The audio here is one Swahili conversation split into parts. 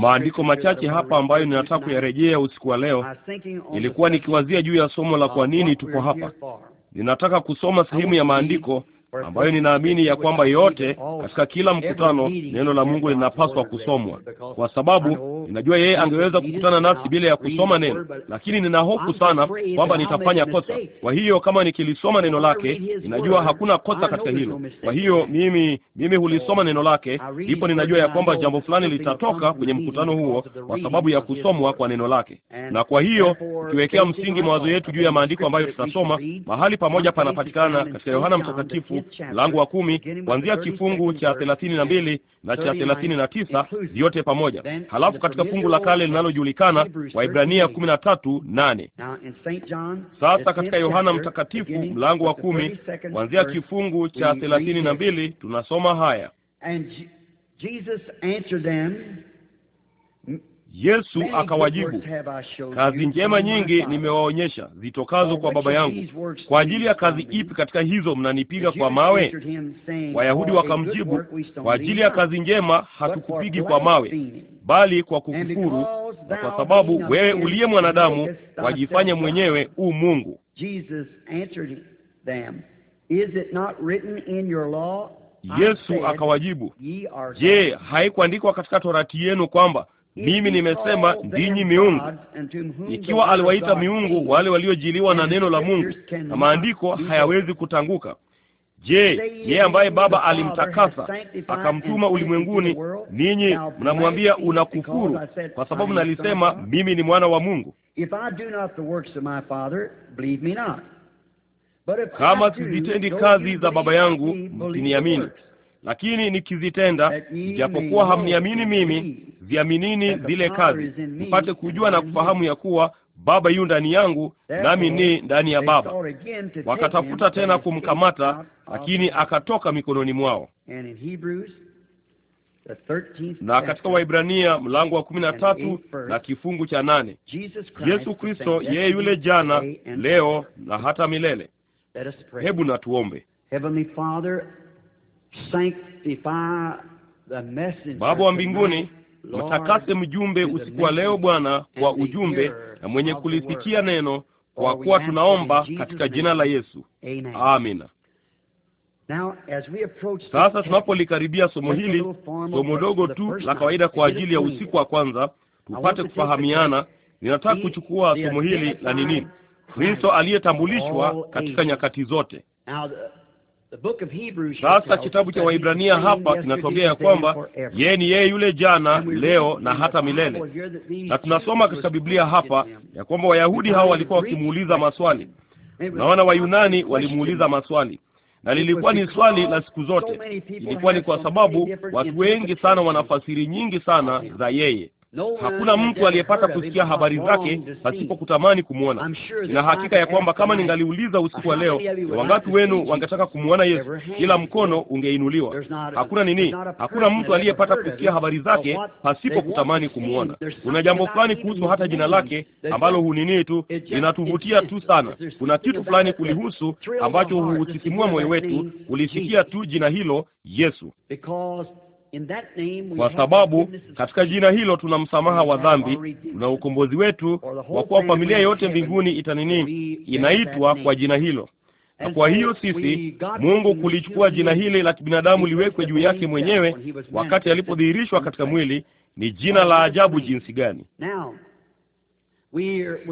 maandiko machache hapa ambayo ninataka kuyarejea usiku wa leo. ilikuwa nikiwazia juu ya somo la kwa nini tuko hapa. Ninataka kusoma sehemu ya maandiko ambayo ninaamini ya kwamba yote katika kila mkutano neno la Mungu linapaswa kusomwa, kwa sababu Ninajua yeye angeweza kukutana nasi bila ya kusoma neno, lakini nina hofu sana kwamba nitafanya kosa. Kwa hiyo kama nikilisoma neno lake, ninajua hakuna kosa katika hilo. Kwa hiyo mimi mimi hulisoma neno lake, ndipo ninajua ya kwamba jambo fulani litatoka kwenye mkutano huo kwa sababu ya kusomwa kwa neno lake. Na kwa hiyo tukiwekea msingi mawazo yetu juu ya maandiko ambayo tutasoma, mahali pamoja panapatikana katika Yohana Mtakatifu mlango wa kumi kuanzia kifungu cha thelathini na mbili na cha thelathini na tisa vyote pamoja, halafu katika katika fungu la kale linalojulikana, Waibrania kumi na tatu nane. Sasa katika Yohana Mtakatifu mlango wa kumi kuanzia kifungu cha thelathini na mbili tunasoma haya. Yesu akawajibu, kazi njema nyingi nimewaonyesha zitokazo kwa oh, Baba yangu, kwa ajili ya kazi ipi katika hizo mnanipiga kwa mawe? Wayahudi wakamjibu, kwa ajili ya kazi njema hatukupigi kwa mawe, bali kwa kukufuru, na kwa sababu wewe uliye mwanadamu wajifanye mwenyewe u Mungu. Yesu akawajibu, je, haikuandikwa katika torati yenu kwamba mimi nimesema ndinyi miungu, ikiwa aliwaita miungu wale waliojiliwa na neno la Mungu, na maandiko hayawezi kutanguka. Je, yeye ambaye Baba alimtakasa akamtuma ulimwenguni, ninyi mnamwambia unakufuru kwa sababu nalisema mimi ni mwana wa Mungu. Kama sizitendi kazi za Baba yangu, msiniamini lakini nikizitenda, japokuwa hamniamini mimi, ziaminini zile kazi, mpate kujua na kufahamu ya kuwa Baba yu ndani yangu nami ni ndani ya Baba. Wakatafuta tena kumkamata, lakini akatoka mikononi mwao. Na katika Waibrania mlango wa kumi na tatu na kifungu cha nane Yesu Kristo yeye yule jana, leo na hata milele. Hebu na tuombe. Baba wa mbinguni, mtakase mjumbe usiku wa leo Bwana, kwa ujumbe na mwenye kulisikia neno, kwa kuwa tunaomba katika jina la Yesu, amina. Sasa tunapolikaribia somo hili, somo dogo tu la kawaida kwa ajili ya usiku wa kwanza, tupate kufahamiana. Ninataka kuchukua somo hili la nini, Kristo aliyetambulishwa katika nyakati zote. Sasa kitabu cha Waibrania hapa kinatuambia ya kwamba yeye ni yeye yule jana, leo na hata milele, na tunasoma katika Biblia hapa ya kwamba Wayahudi hao walikuwa wakimuuliza maswali, naona Wayunani walimuuliza maswali na lilikuwa ni swali la siku zote. Ilikuwa ni kwa sababu watu wengi sana wanafasiri nyingi sana za yeye. Hakuna mtu aliyepata kusikia habari zake pasipo kutamani kumwona. Nina hakika ya kwamba kama ningaliuliza usiku wa leo, wangapi wenu wangetaka kumwona Yesu, ila mkono ungeinuliwa. Hakuna nini, hakuna mtu aliyepata kusikia habari zake pasipo kutamani kumwona. Kuna jambo fulani kuhusu hata jina lake ambalo hunini tu linatuvutia tu sana. Kuna kitu fulani kulihusu ambacho huusisimua moyo wetu, ulisikia tu jina hilo Yesu, kwa sababu katika jina hilo tuna msamaha wa dhambi, tuna ukombozi wetu, kwa kuwa familia yote mbinguni itanini, inaitwa kwa jina hilo. Na kwa hiyo sisi, Mungu kulichukua jina hili la kibinadamu liwekwe juu yake mwenyewe wakati alipodhihirishwa katika mwili. Ni jina la ajabu jinsi gani!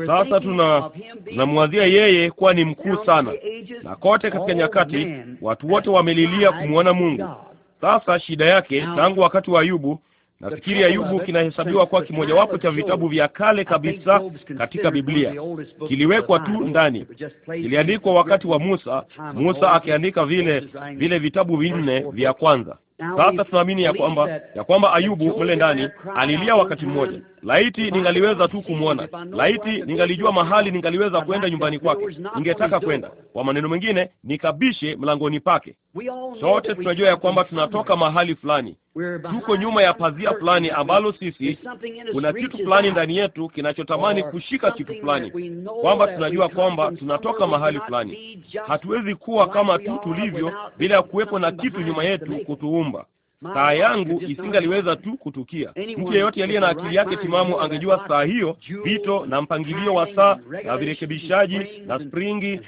Sasa tuna tunamwazia yeye kuwa ni mkuu sana, na kote katika nyakati watu wote wamelilia kumwona Mungu sasa shida yake tangu wakati wa Ayubu, nafikiri Ayubu kinahesabiwa kuwa kimojawapo cha vitabu vya kale kabisa katika Biblia. Kiliwekwa tu ndani, kiliandikwa wakati wa Musa, Musa akiandika vile vile vitabu vinne vya kwanza. Sasa tunaamini ya kwamba ya kwamba Ayubu mle ndani alilia wakati mmoja, laiti ningaliweza tu kumwona, laiti ningalijua mahali ningaliweza kwenda nyumbani kwake, ningetaka kwenda. Kwa maneno mengine, nikabishe mlangoni pake. Sote tunajua ya kwamba tunatoka mahali fulani, tuko nyuma ya pazia fulani ambalo sisi, kuna kitu fulani ndani yetu kinachotamani kushika kitu fulani, kwamba tunajua kwamba tunatoka mahali fulani. Hatuwezi kuwa kama tu tulivyo bila ya kuwepo na kitu nyuma yetu kutuumba saa yangu isingaliweza tu kutukia. Mtu yeyote aliye na akili yake timamu angejua saa hiyo, vito na mpangilio wa saa na virekebishaji na springi na,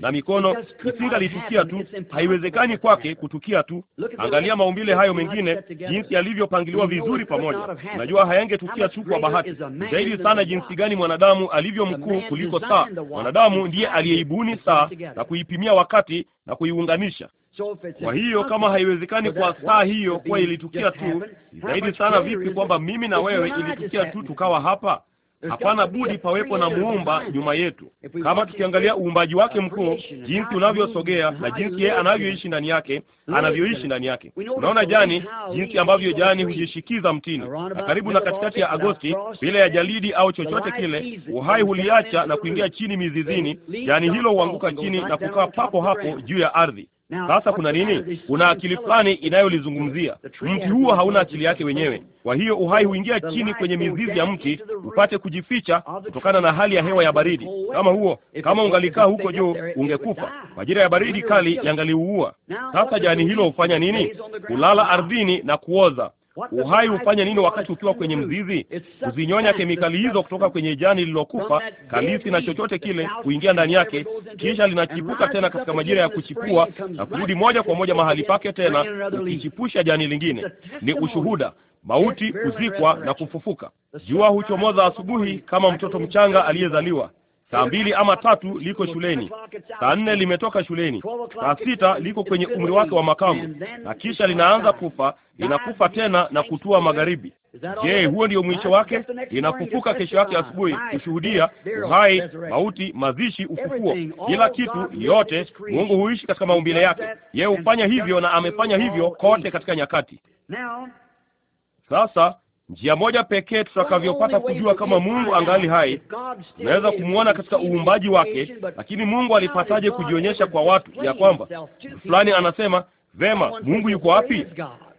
na mikono isingalitukia tu. Haiwezekani kwake kutukia tu. Angalia maumbile hayo mengine, jinsi yalivyopangiliwa vizuri pamoja. unajua hayangetukia tu kwa bahati. Zaidi sana jinsi gani mwanadamu alivyo mkuu kuliko saa. Mwanadamu ndiye aliyeibuni saa na kuipimia wakati na kuiunganisha. Kwa hiyo kama haiwezekani kwa saa hiyo kuwa ilitukia tu, zaidi sana vipi kwamba mimi na wewe ilitukia tu tukawa hapa? Hapana budi pawepo na muumba nyuma yetu. Kama tukiangalia uumbaji wake mkuu, jinsi unavyosogea na jinsi yeye anavyoishi ndani yake, anavyoishi ndani yake. Unaona jani, jinsi ambavyo jani hujishikiza mtini, na karibu na katikati ya Agosti, bila ya jalidi au chochote kile, uhai huliacha na kuingia chini mizizini. Jani hilo huanguka chini na kukaa papo hapo juu ya ardhi. Sasa kuna nini? Kuna akili fulani inayolizungumzia. Mti huo hauna akili yake wenyewe, kwa hiyo uhai huingia chini kwenye mizizi ya mti upate kujificha kutokana na hali ya hewa ya baridi. Kama huo kama ungalikaa huko juu ungekufa, majira ya baridi kali yangaliuua. Sasa jani hilo hufanya nini? Kulala ardhini na kuoza. Uhai hufanya nini wakati ukiwa kwenye mzizi? Huzinyonya kemikali hizo kutoka kwenye jani lililokufa, kalisi na chochote kile, kuingia ndani yake, kisha linachipuka tena katika majira ya kuchipua na kurudi moja kwa moja mahali pake tena, ukichipusha jani lingine. Ni ushuhuda mauti kuzikwa na kufufuka. Jua huchomoza asubuhi kama mtoto mchanga aliyezaliwa saa mbili ama tatu liko shuleni, saa nne limetoka shuleni, saa sita liko kwenye umri wake wa makamu, na kisha linaanza kufa, linakufa tena na kutua magharibi. Je, huo ndio mwisho wake? Linafufuka kesho yake asubuhi kushuhudia uhai, mauti, mazishi, ufufuo, kila kitu yote. Mungu huishi katika maumbile yake, yeye hufanya hivyo na amefanya hivyo kote katika nyakati. Sasa Njia moja pekee tutakavyopata kujua kama Mungu angali hai, tunaweza kumwona katika uumbaji wake. Lakini Mungu alipataje kujionyesha kwa watu ya kwamba fulani anasema vema, Mungu yuko wapi?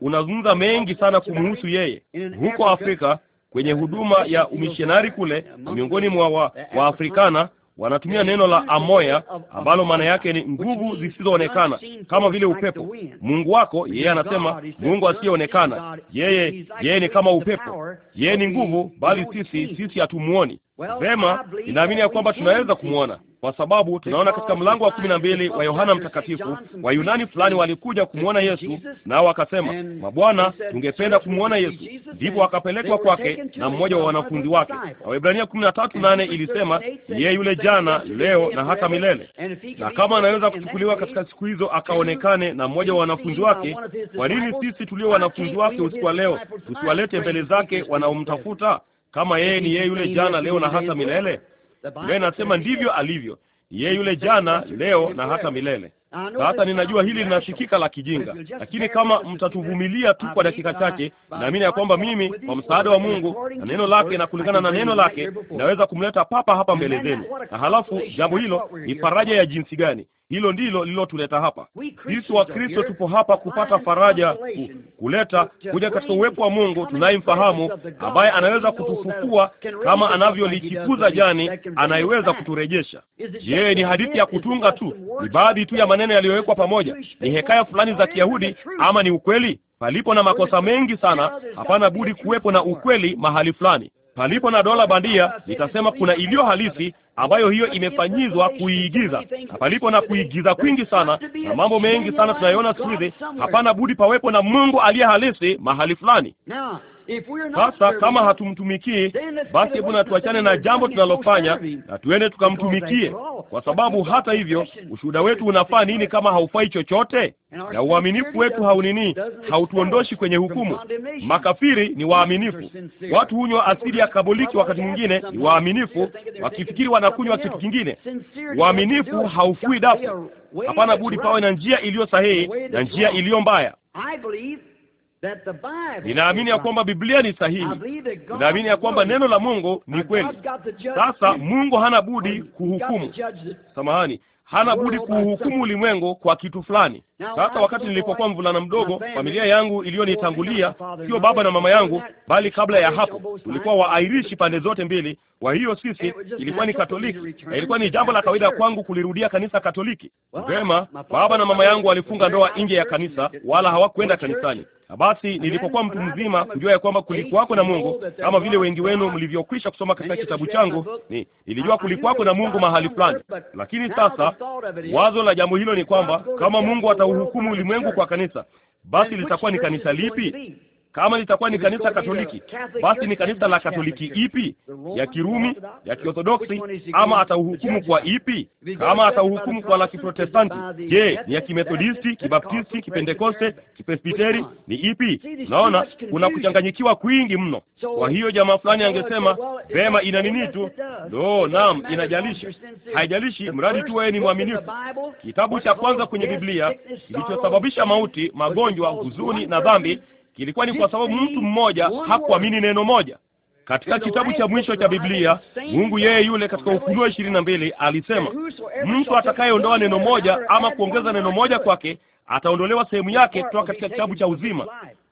Unazungumza mengi sana kumhusu yeye huko Afrika kwenye huduma ya umishonari kule, miongoni mwa Waafrikana wa wanatumia neno la amoya ambalo maana yake ni nguvu zisizoonekana, kama vile upepo. Mungu wako yeye anasema Mungu asiyeonekana, yeye yeye ni kama upepo, yeye ni nguvu, bali sisi sisi hatumuoni. Vema, ninaamini ya kwamba tunaweza kumwona kwa sababu tunaona katika mlango wa kumi na mbili wa Yohana Mtakatifu, Wayunani fulani walikuja kumwona Yesu, nao wakasema, mabwana, tungependa kumwona Yesu. Ndipo akapelekwa kwake na mmoja wa wanafunzi wake, na Waebrania kumi na tatu nane ilisema yeye yule jana, leo na hata milele. Na kama anaweza kuchukuliwa katika siku hizo akaonekane na mmoja wa wanafunzi wake, kwa nini sisi tulio wanafunzi wake usiku wa leo tusiwalete mbele zake wanaomtafuta? kama yeye ni yeye yule jana, leo na hata milele. Yeye inasema ndivyo alivyo yeye yule jana, leo na hata milele. Sasa ninajua hili linasikika la kijinga, lakini kama mtatuvumilia tu kwa dakika chache, naamini ya kwamba mimi kwa msaada wa Mungu na neno lake na kulingana na neno lake naweza kumleta papa hapa mbele zenu, na halafu jambo hilo ni faraja ya jinsi gani! Hilo ndilo lililotuleta hapa. Sisi wa Kristo tupo hapa kupata faraja, kuleta kuja katika uwepo wa Mungu tunayemfahamu, ambaye anaweza kutufufua kama anavyolichikuza jani, anayeweza kuturejesha. Je, ni hadithi ya kutunga tu? Ni baadhi tu ya maneno yaliyowekwa pamoja? Ni hekaya fulani za Kiyahudi ama ni ukweli? Palipo na makosa mengi sana, hapana budi kuwepo na ukweli mahali fulani palipo na dola bandia nitasema kuna iliyo halisi ambayo hiyo imefanyizwa kuiigiza, na palipo na kuigiza kwingi sana na mambo mengi sana tunayoona siku hizi, hapana budi pawepo na Mungu aliye halisi mahali fulani. Sasa kama hatumtumikii, basi hebu na tuachane na jambo tunalofanya na tuende tukamtumikie, kwa sababu hata hivyo ushuhuda wetu unafaa nini kama haufai chochote? Na uaminifu wetu haunini, hautuondoshi kwenye hukumu. Makafiri ni waaminifu. Watu hunywa asili ya kaboliki wakati mwingine ni waaminifu, wakifikiri wanakunywa kitu kingine. Uaminifu haufui dafu. Hapana budi pawe na njia iliyo sahihi na njia iliyo mbaya. Ninaamini ya kwamba Biblia ni sahihi. Ninaamini ya kwamba neno la Mungu ni kweli. Sasa Mungu hana budi kuhukumu, samahani, hana budi kuhukumu ulimwengu kwa kitu fulani. Sasa wakati nilipokuwa mvulana mdogo, familia yangu iliyonitangulia, sio baba na mama yangu, bali kabla ya hapo, tulikuwa Waairishi pande zote mbili. Kwa hiyo sisi ilikuwa ni Katoliki, na ilikuwa ni jambo la kawaida kwangu kulirudia kanisa Katoliki. Vema, baba na mama yangu walifunga ndoa nje ya kanisa, wala hawakwenda kanisani. Na basi nilipokuwa mtu mzima, kujua ya kwamba kulikuwako na Mungu, kama vile wengi wenu mlivyokwisha kusoma katika kitabu changu, ni nilijua kulikuwako na Mungu mahali fulani. Lakini sasa wazo la jambo hilo ni kwamba kama Mungu ata uhukumu ulimwengu kwa kanisa, basi litakuwa ni kanisa lipi? Kama litakuwa ni kanisa Katoliki, basi ni kanisa la Katoliki ipi? Ya Kirumi, ya Kiorthodoksi, ama atauhukumu kwa ipi? Kama atauhukumu kwa la Kiprotestanti, je, ni ya Kimethodisti, Kibaptisti, Kipentekoste, Kipresbiteri, ni ipi? naona kuna kuchanganyikiwa kwingi mno. Kwa hiyo jamaa fulani angesema vema, ina nini tu? No, naam, inajalisha, haijalishi mradi tu wewe ni mwaminifu. Kitabu cha kwanza kwenye Biblia kilichosababisha mauti, magonjwa, huzuni na dhambi Ilikuwa ni kwa sababu mtu mmoja hakuamini neno moja. Katika kitabu cha mwisho cha Biblia, Mungu yeye yule katika Ufunuo ishirini na mbili alisema, mtu atakayeondoa neno moja ama kuongeza neno moja kwake ataondolewa sehemu yake kutoka katika kitabu cha uzima,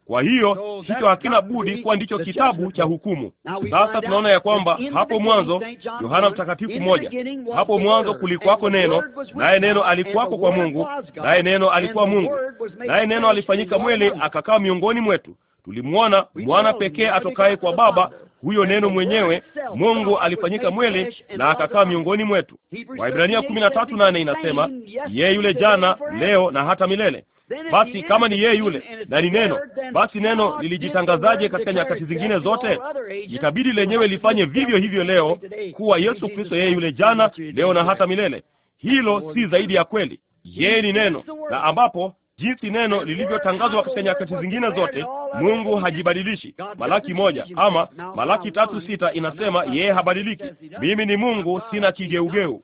kwa hiyo hicho hakina budi kuwa ndicho kitabu cha hukumu. Sasa tunaona ya kwamba hapo mwanzo, Yohana Mtakatifu moja, hapo mwanzo kulikuwako neno, naye neno alikuwako kwa Mungu, naye neno alikuwa Mungu, naye neno alifanyika mwili akakaa miongoni mwetu, tulimwona mwana pekee atokaye kwa Baba, huyo neno mwenyewe Mungu alifanyika mwili na akakaa miongoni mwetu. Waibrania kumi na tatu nane inasema yeye yule jana, leo na hata milele. Basi kama ni yeye yule na ni neno, basi neno lilijitangazaje katika nyakati zingine zote? Itabidi lenyewe lifanye vivyo hivyo leo, kuwa Yesu Kristo yeye yule jana, leo na hata milele. Hilo si zaidi ya kweli. Yeye ni neno, na ambapo jinsi neno lilivyotangazwa katika nyakati zingine zote, Mungu hajibadilishi. Malaki moja ama Malaki tatu sita inasema yeye habadiliki. Mimi ni Mungu, sina kigeugeu.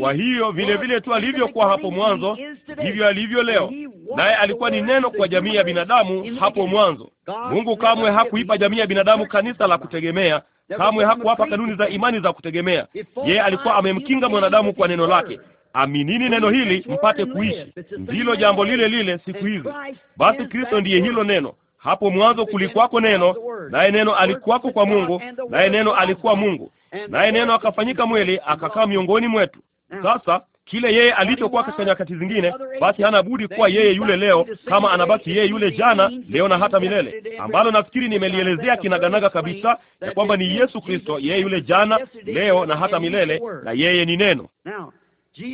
Kwa hiyo vile vile tu alivyokuwa hapo mwanzo, hivyo alivyo leo, naye alikuwa ni neno kwa jamii ya binadamu hapo mwanzo. Mungu kamwe hakuipa jamii ya binadamu kanisa la kutegemea, kamwe hakuwapa kanuni za imani za kutegemea. Yeye alikuwa amemkinga mwanadamu kwa neno lake. Aminini neno hili mpate kuishi, ndilo jambo lile lile siku hizi. Basi Kristo ndiye hilo neno. Hapo mwanzo kulikuwako neno, naye neno alikuwako kwa Mungu, naye neno alikuwa Mungu naye neno akafanyika mwili akakaa miongoni mwetu. Sasa kile yeye alichokuwa katika nyakati zingine, basi hana budi kuwa yeye yule leo, kama anabaki yeye yule jana, leo na hata milele, ambalo nafikiri nimelielezea kinaganaga kabisa ya kwamba ni Yesu Kristo, yeye yule jana, leo na hata milele, na yeye ni neno.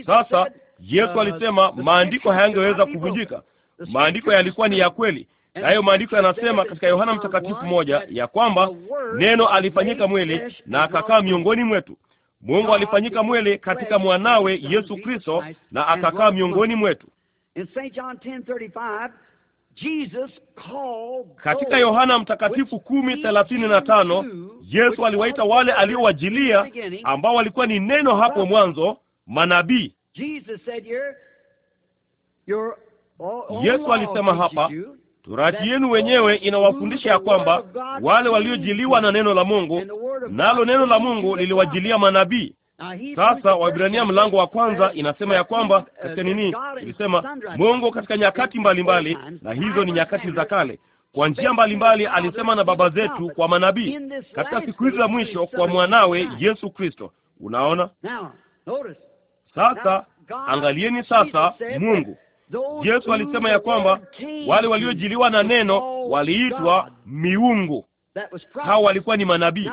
Sasa Yesu alisema maandiko hayangeweza kuvunjika. Maandiko yalikuwa ni ya kweli. Nayo maandiko yanasema katika Yohana Mtakatifu moja ya kwamba neno alifanyika mwili na akakaa miongoni mwetu. Mungu alifanyika mwili katika mwanawe Yesu Kristo na akakaa miongoni mwetu. Katika Yohana Mtakatifu kumi thelathini na tano Yesu aliwaita wale aliowajilia ambao walikuwa ni neno hapo mwanzo manabii. Yesu alisema hapa, Torati yenu wenyewe inawafundisha ya kwamba wale waliojiliwa na neno la Mungu, nalo neno la Mungu liliwajilia manabii. Sasa Waibrania mlango wa kwanza inasema ya kwamba katika nini, ilisema Mungu katika nyakati mbalimbali mbali, na hizo ni nyakati za kale kwa njia mbalimbali alisema na baba zetu kwa manabii, katika siku hizi za mwisho kwa mwanawe Yesu Kristo. Unaona sasa, angalieni sasa Mungu Yesu alisema ya kwamba wale waliojiliwa na neno waliitwa miungu. Hao walikuwa ni manabii.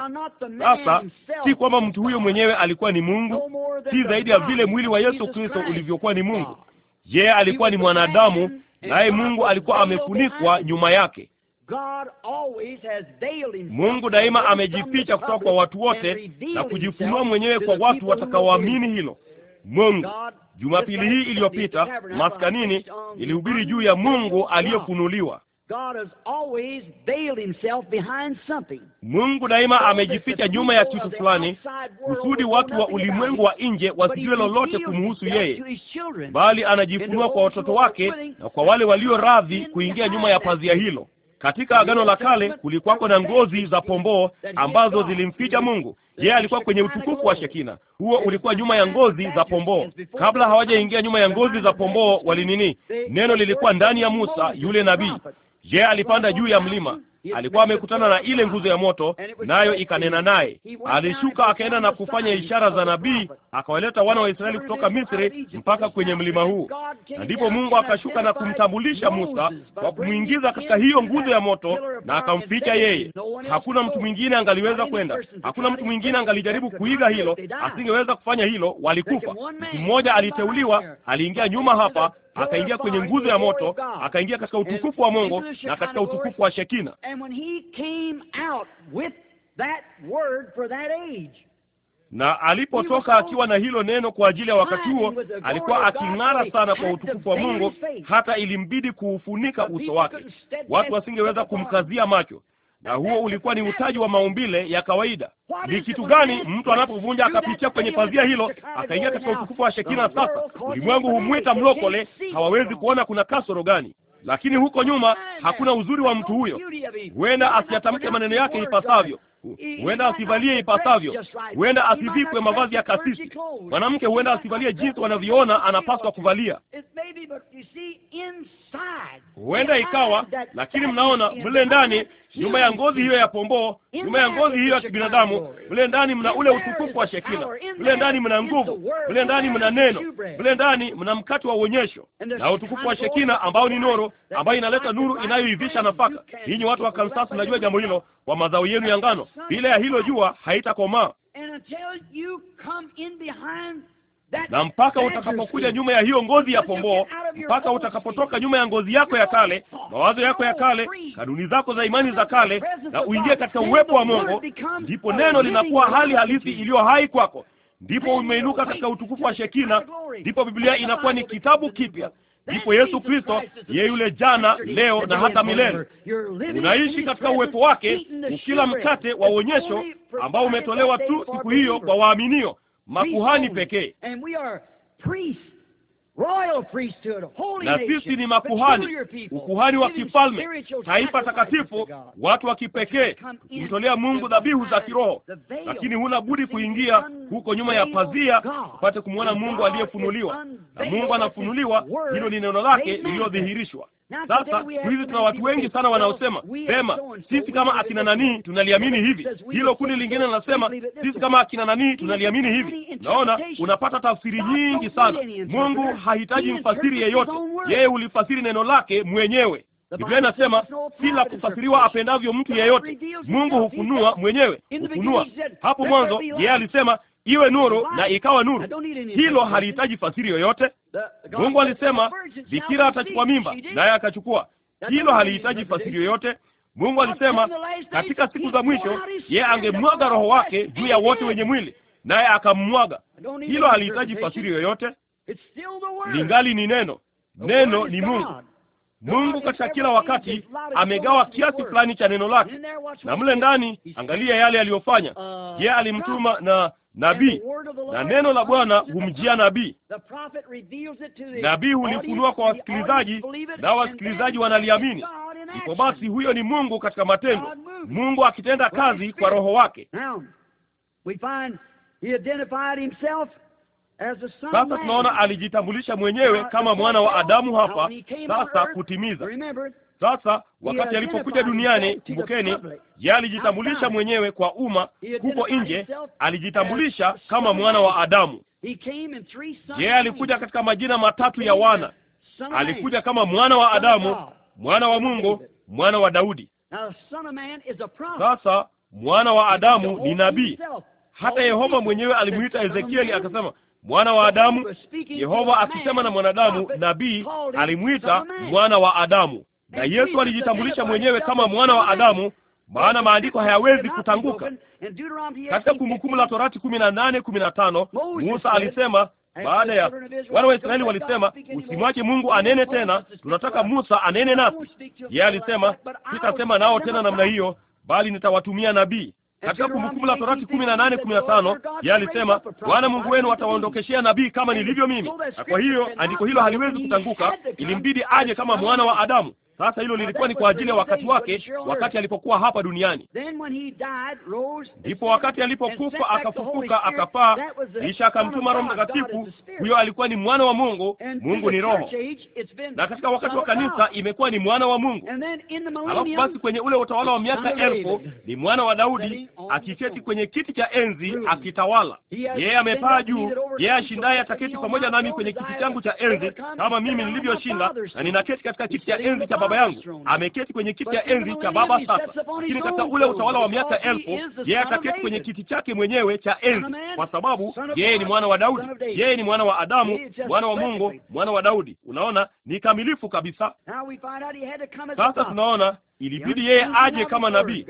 Sasa si kwamba mtu huyo mwenyewe alikuwa ni Mungu, si zaidi ya vile mwili wa Yesu Kristo ulivyokuwa ni Mungu. Yeye alikuwa ni mwanadamu, naye Mungu alikuwa amefunikwa nyuma yake. Mungu daima amejificha kutoka kwa watu wote na kujifunua mwenyewe kwa watu watakaoamini hilo. Mungu Jumapili hii iliyopita maskanini ilihubiri juu ya Mungu aliyefunuliwa. Mungu daima amejificha nyuma ya kitu fulani kusudi watu wa ulimwengu wa nje wasijue lolote kumhusu yeye, bali anajifunua kwa watoto wake na kwa wale walio radhi kuingia nyuma ya pazia hilo. Katika Agano la Kale kulikuwako na ngozi za pomboo ambazo zilimficha Mungu. Yeye alikuwa kwenye utukufu wa Shekina. Huo ulikuwa nyuma ya ngozi za pomboo. Kabla hawajaingia nyuma ya ngozi za pomboo, walinini, neno lilikuwa ndani ya Musa yule nabii. Yeye alipanda juu ya mlima alikuwa amekutana na ile nguzo ya moto, nayo ikanena naye. Alishuka akaenda na kufanya ishara za nabii, akawaleta wana wa Israeli kutoka Misri mpaka kwenye mlima huu, na ndipo Mungu akashuka na kumtambulisha Musa kwa kumwingiza katika hiyo nguzo ya moto na akamficha yeye. Hakuna mtu mwingine angaliweza kwenda, hakuna mtu mwingine angalijaribu kuiga hilo, ah, asingeweza kufanya hilo, walikufa. Mtu mmoja aliteuliwa, aliingia nyuma hapa akaingia kwenye nguzo ya moto, akaingia katika utukufu wa Mungu na katika utukufu wa Shekina, na alipotoka akiwa na hilo neno kwa ajili ya wakati huo, alikuwa aking'ara sana kwa utukufu wa Mungu, hata ilimbidi kuufunika uso wake. Watu wasingeweza kumkazia macho, na huo ulikuwa ni utaji wa maumbile ya kawaida. Ni kitu gani mtu anapovunja akapitia kwenye pazia hilo akaingia katika utukufu wa Shekina? Sasa ulimwengu humwita mlokole, hawawezi kuona kuna kasoro gani, lakini huko nyuma hakuna uzuri wa mtu huyo. Huenda asiyatamke maneno yake ipasavyo, huenda asivalie ipasavyo, huenda asivikwe mavazi ya kasisi. Mwanamke huenda asivalie jinsi wanavyoona anapaswa kuvalia, huenda ikawa, lakini mnaona mle ndani nyuma ya ngozi hiyo ya pomboo, nyuma ya ngozi hiyo ya kibinadamu, mle ndani mna ule utukufu wa Shekina, mle ndani mna nguvu, mle ndani mna neno, mle ndani mna mkate wa uonyesho na utukufu wa Shekina ambao ni noro ambayo inaleta nuru inayoivisha nafaka. Ninyi watu wa Kansas mnajua jambo hilo, wa mazao yenu ya ngano. Bila ya hilo jua haitakomaa na mpaka utakapokuja nyuma ya hiyo ngozi ya pomboo mpaka utakapotoka nyuma ya ngozi yako ya kale, mawazo yako ya kale, kanuni zako za imani za kale, na uingie katika uwepo wa Mungu, ndipo neno linakuwa hali halisi iliyo hai kwako, ndipo umeinuka katika utukufu wa Shekina, ndipo Biblia inakuwa ni kitabu kipya ndipo Yesu Kristo ye yule jana leo na hata milele. Unaishi katika uwepo wake, ukila mkate wa uonyesho ambao umetolewa tu siku hiyo kwa waaminio makuhani pekee na sisi ni makuhani, ukuhani wa kifalme, taifa takatifu, watu wa kipekee, kumtolea Mungu dhabihu za kiroho. Lakini huna budi kuingia huko nyuma ya pazia upate kumwona Mungu aliyefunuliwa, na Mungu anafunuliwa. Hilo ni neno lake lililodhihirishwa. Sasa hivi tuna watu wengi sana wanaosema pema sisi kama akina nani tunaliamini hivi. Hilo kundi lingine linasema sisi kama akina nani tunaliamini hivi. Naona unapata tafsiri nyingi sana. Mungu hahitaji mfasiri yeyote, yeye hulifasiri neno lake mwenyewe. Biblia inasema la kufasiriwa apendavyo mtu yeyote, Mungu hufunua mwenyewe, hufunua. Hapo mwanzo yeye alisema iwe nuru na ikawa nuru. Hilo halihitaji fasiri yoyote. Mungu alisema bikira atachukua mimba, naye akachukua. Hilo halihitaji fasiri yoyote. Mungu alisema katika siku za mwisho ye angemwaga roho wake juu ya wote wenye mwili, naye akammwaga. Hilo halihitaji fasiri yoyote, lingali ni neno. Neno ni Mungu. Mungu katika kila wakati amegawa kiasi fulani cha neno lake, na mle ndani, angalia yale aliyofanya. Yeye alimtuma na nabii, na neno la Bwana humjia nabii. Nabii hulifunua kwa wasikilizaji, na wasikilizaji wanaliamini. ipo basi, huyo ni Mungu katika matendo, Mungu akitenda kazi kwa Roho wake. Sasa tunaona alijitambulisha mwenyewe uh, kama mwana wa Adamu hapa sasa kutimiza. Sasa wakati alipokuja duniani, kumbukeni, yeye alijitambulisha mwenyewe kwa umma huko nje, alijitambulisha kama mwana wa Adamu. Yeye alikuja katika majina matatu ya wana, alikuja kama mwana wa Adamu, mwana wa Mungu, mwana wa Daudi. Sasa mwana wa Adamu ni nabii. Hata Yehova mwenyewe alimuita Ezekieli akasema mwana wa Adamu. Yehova akisema na mwanadamu, nabii alimwita mwana wa Adamu, na Yesu alijitambulisha mwenyewe kama mwana wa Adamu, maana maandiko hayawezi kutanguka. Katika Kumbukumbu la Torati kumi na nane kumi na tano Musa alisema baada ya wana wa Israeli walisema, usimwache Mungu anene tena, tunataka Musa anene nasi. Yeye alisema, sitasema nao tena namna hiyo, bali nitawatumia nabii. Katika Kumbukumbu la Torati kumi na nane kumi na tano yeye alisema Bwana Mungu wenu atawaondokeshea nabii kama nilivyo mimi, na kwa hiyo andiko hilo haliwezi kutanguka, ilimbidi aje kama mwana wa Adamu. Sasa hilo lilikuwa ni kwa ajili ya wakati wake, wakati alipokuwa hapa duniani. Ndipo wakati alipokufa akafufuka, akapaa, kisha akamtuma Roho Mtakatifu. Huyo alikuwa ni mwana wa Mungu. Mungu ni Roho, na katika wakati wa kanisa imekuwa ni mwana wa Mungu. Alafu basi kwenye ule utawala wa miaka elfu ni mwana wa Daudi akiketi kwenye kiti cha enzi akitawala. Yeye amepaa juu, yeye ashindaye ataketi pamoja nami kwenye kiti changu cha enzi, kama mimi nilivyoshinda na ninaketi katika kiti cha enzi cha Baba yangu ameketi kwenye kiti ya enzi cha Baba sasa, lakini katika ule utawala wa miaka elfu yeye ataketi kwenye kiti chake mwenyewe cha enzi, kwa sababu yeye ni mwana wa Daudi, yeye ni mwana wa Adamu, mwana wa Mungu, mwana wa Daudi. Unaona, ni kamilifu kabisa. Sasa tunaona ilibidi yeye aje kama nabii,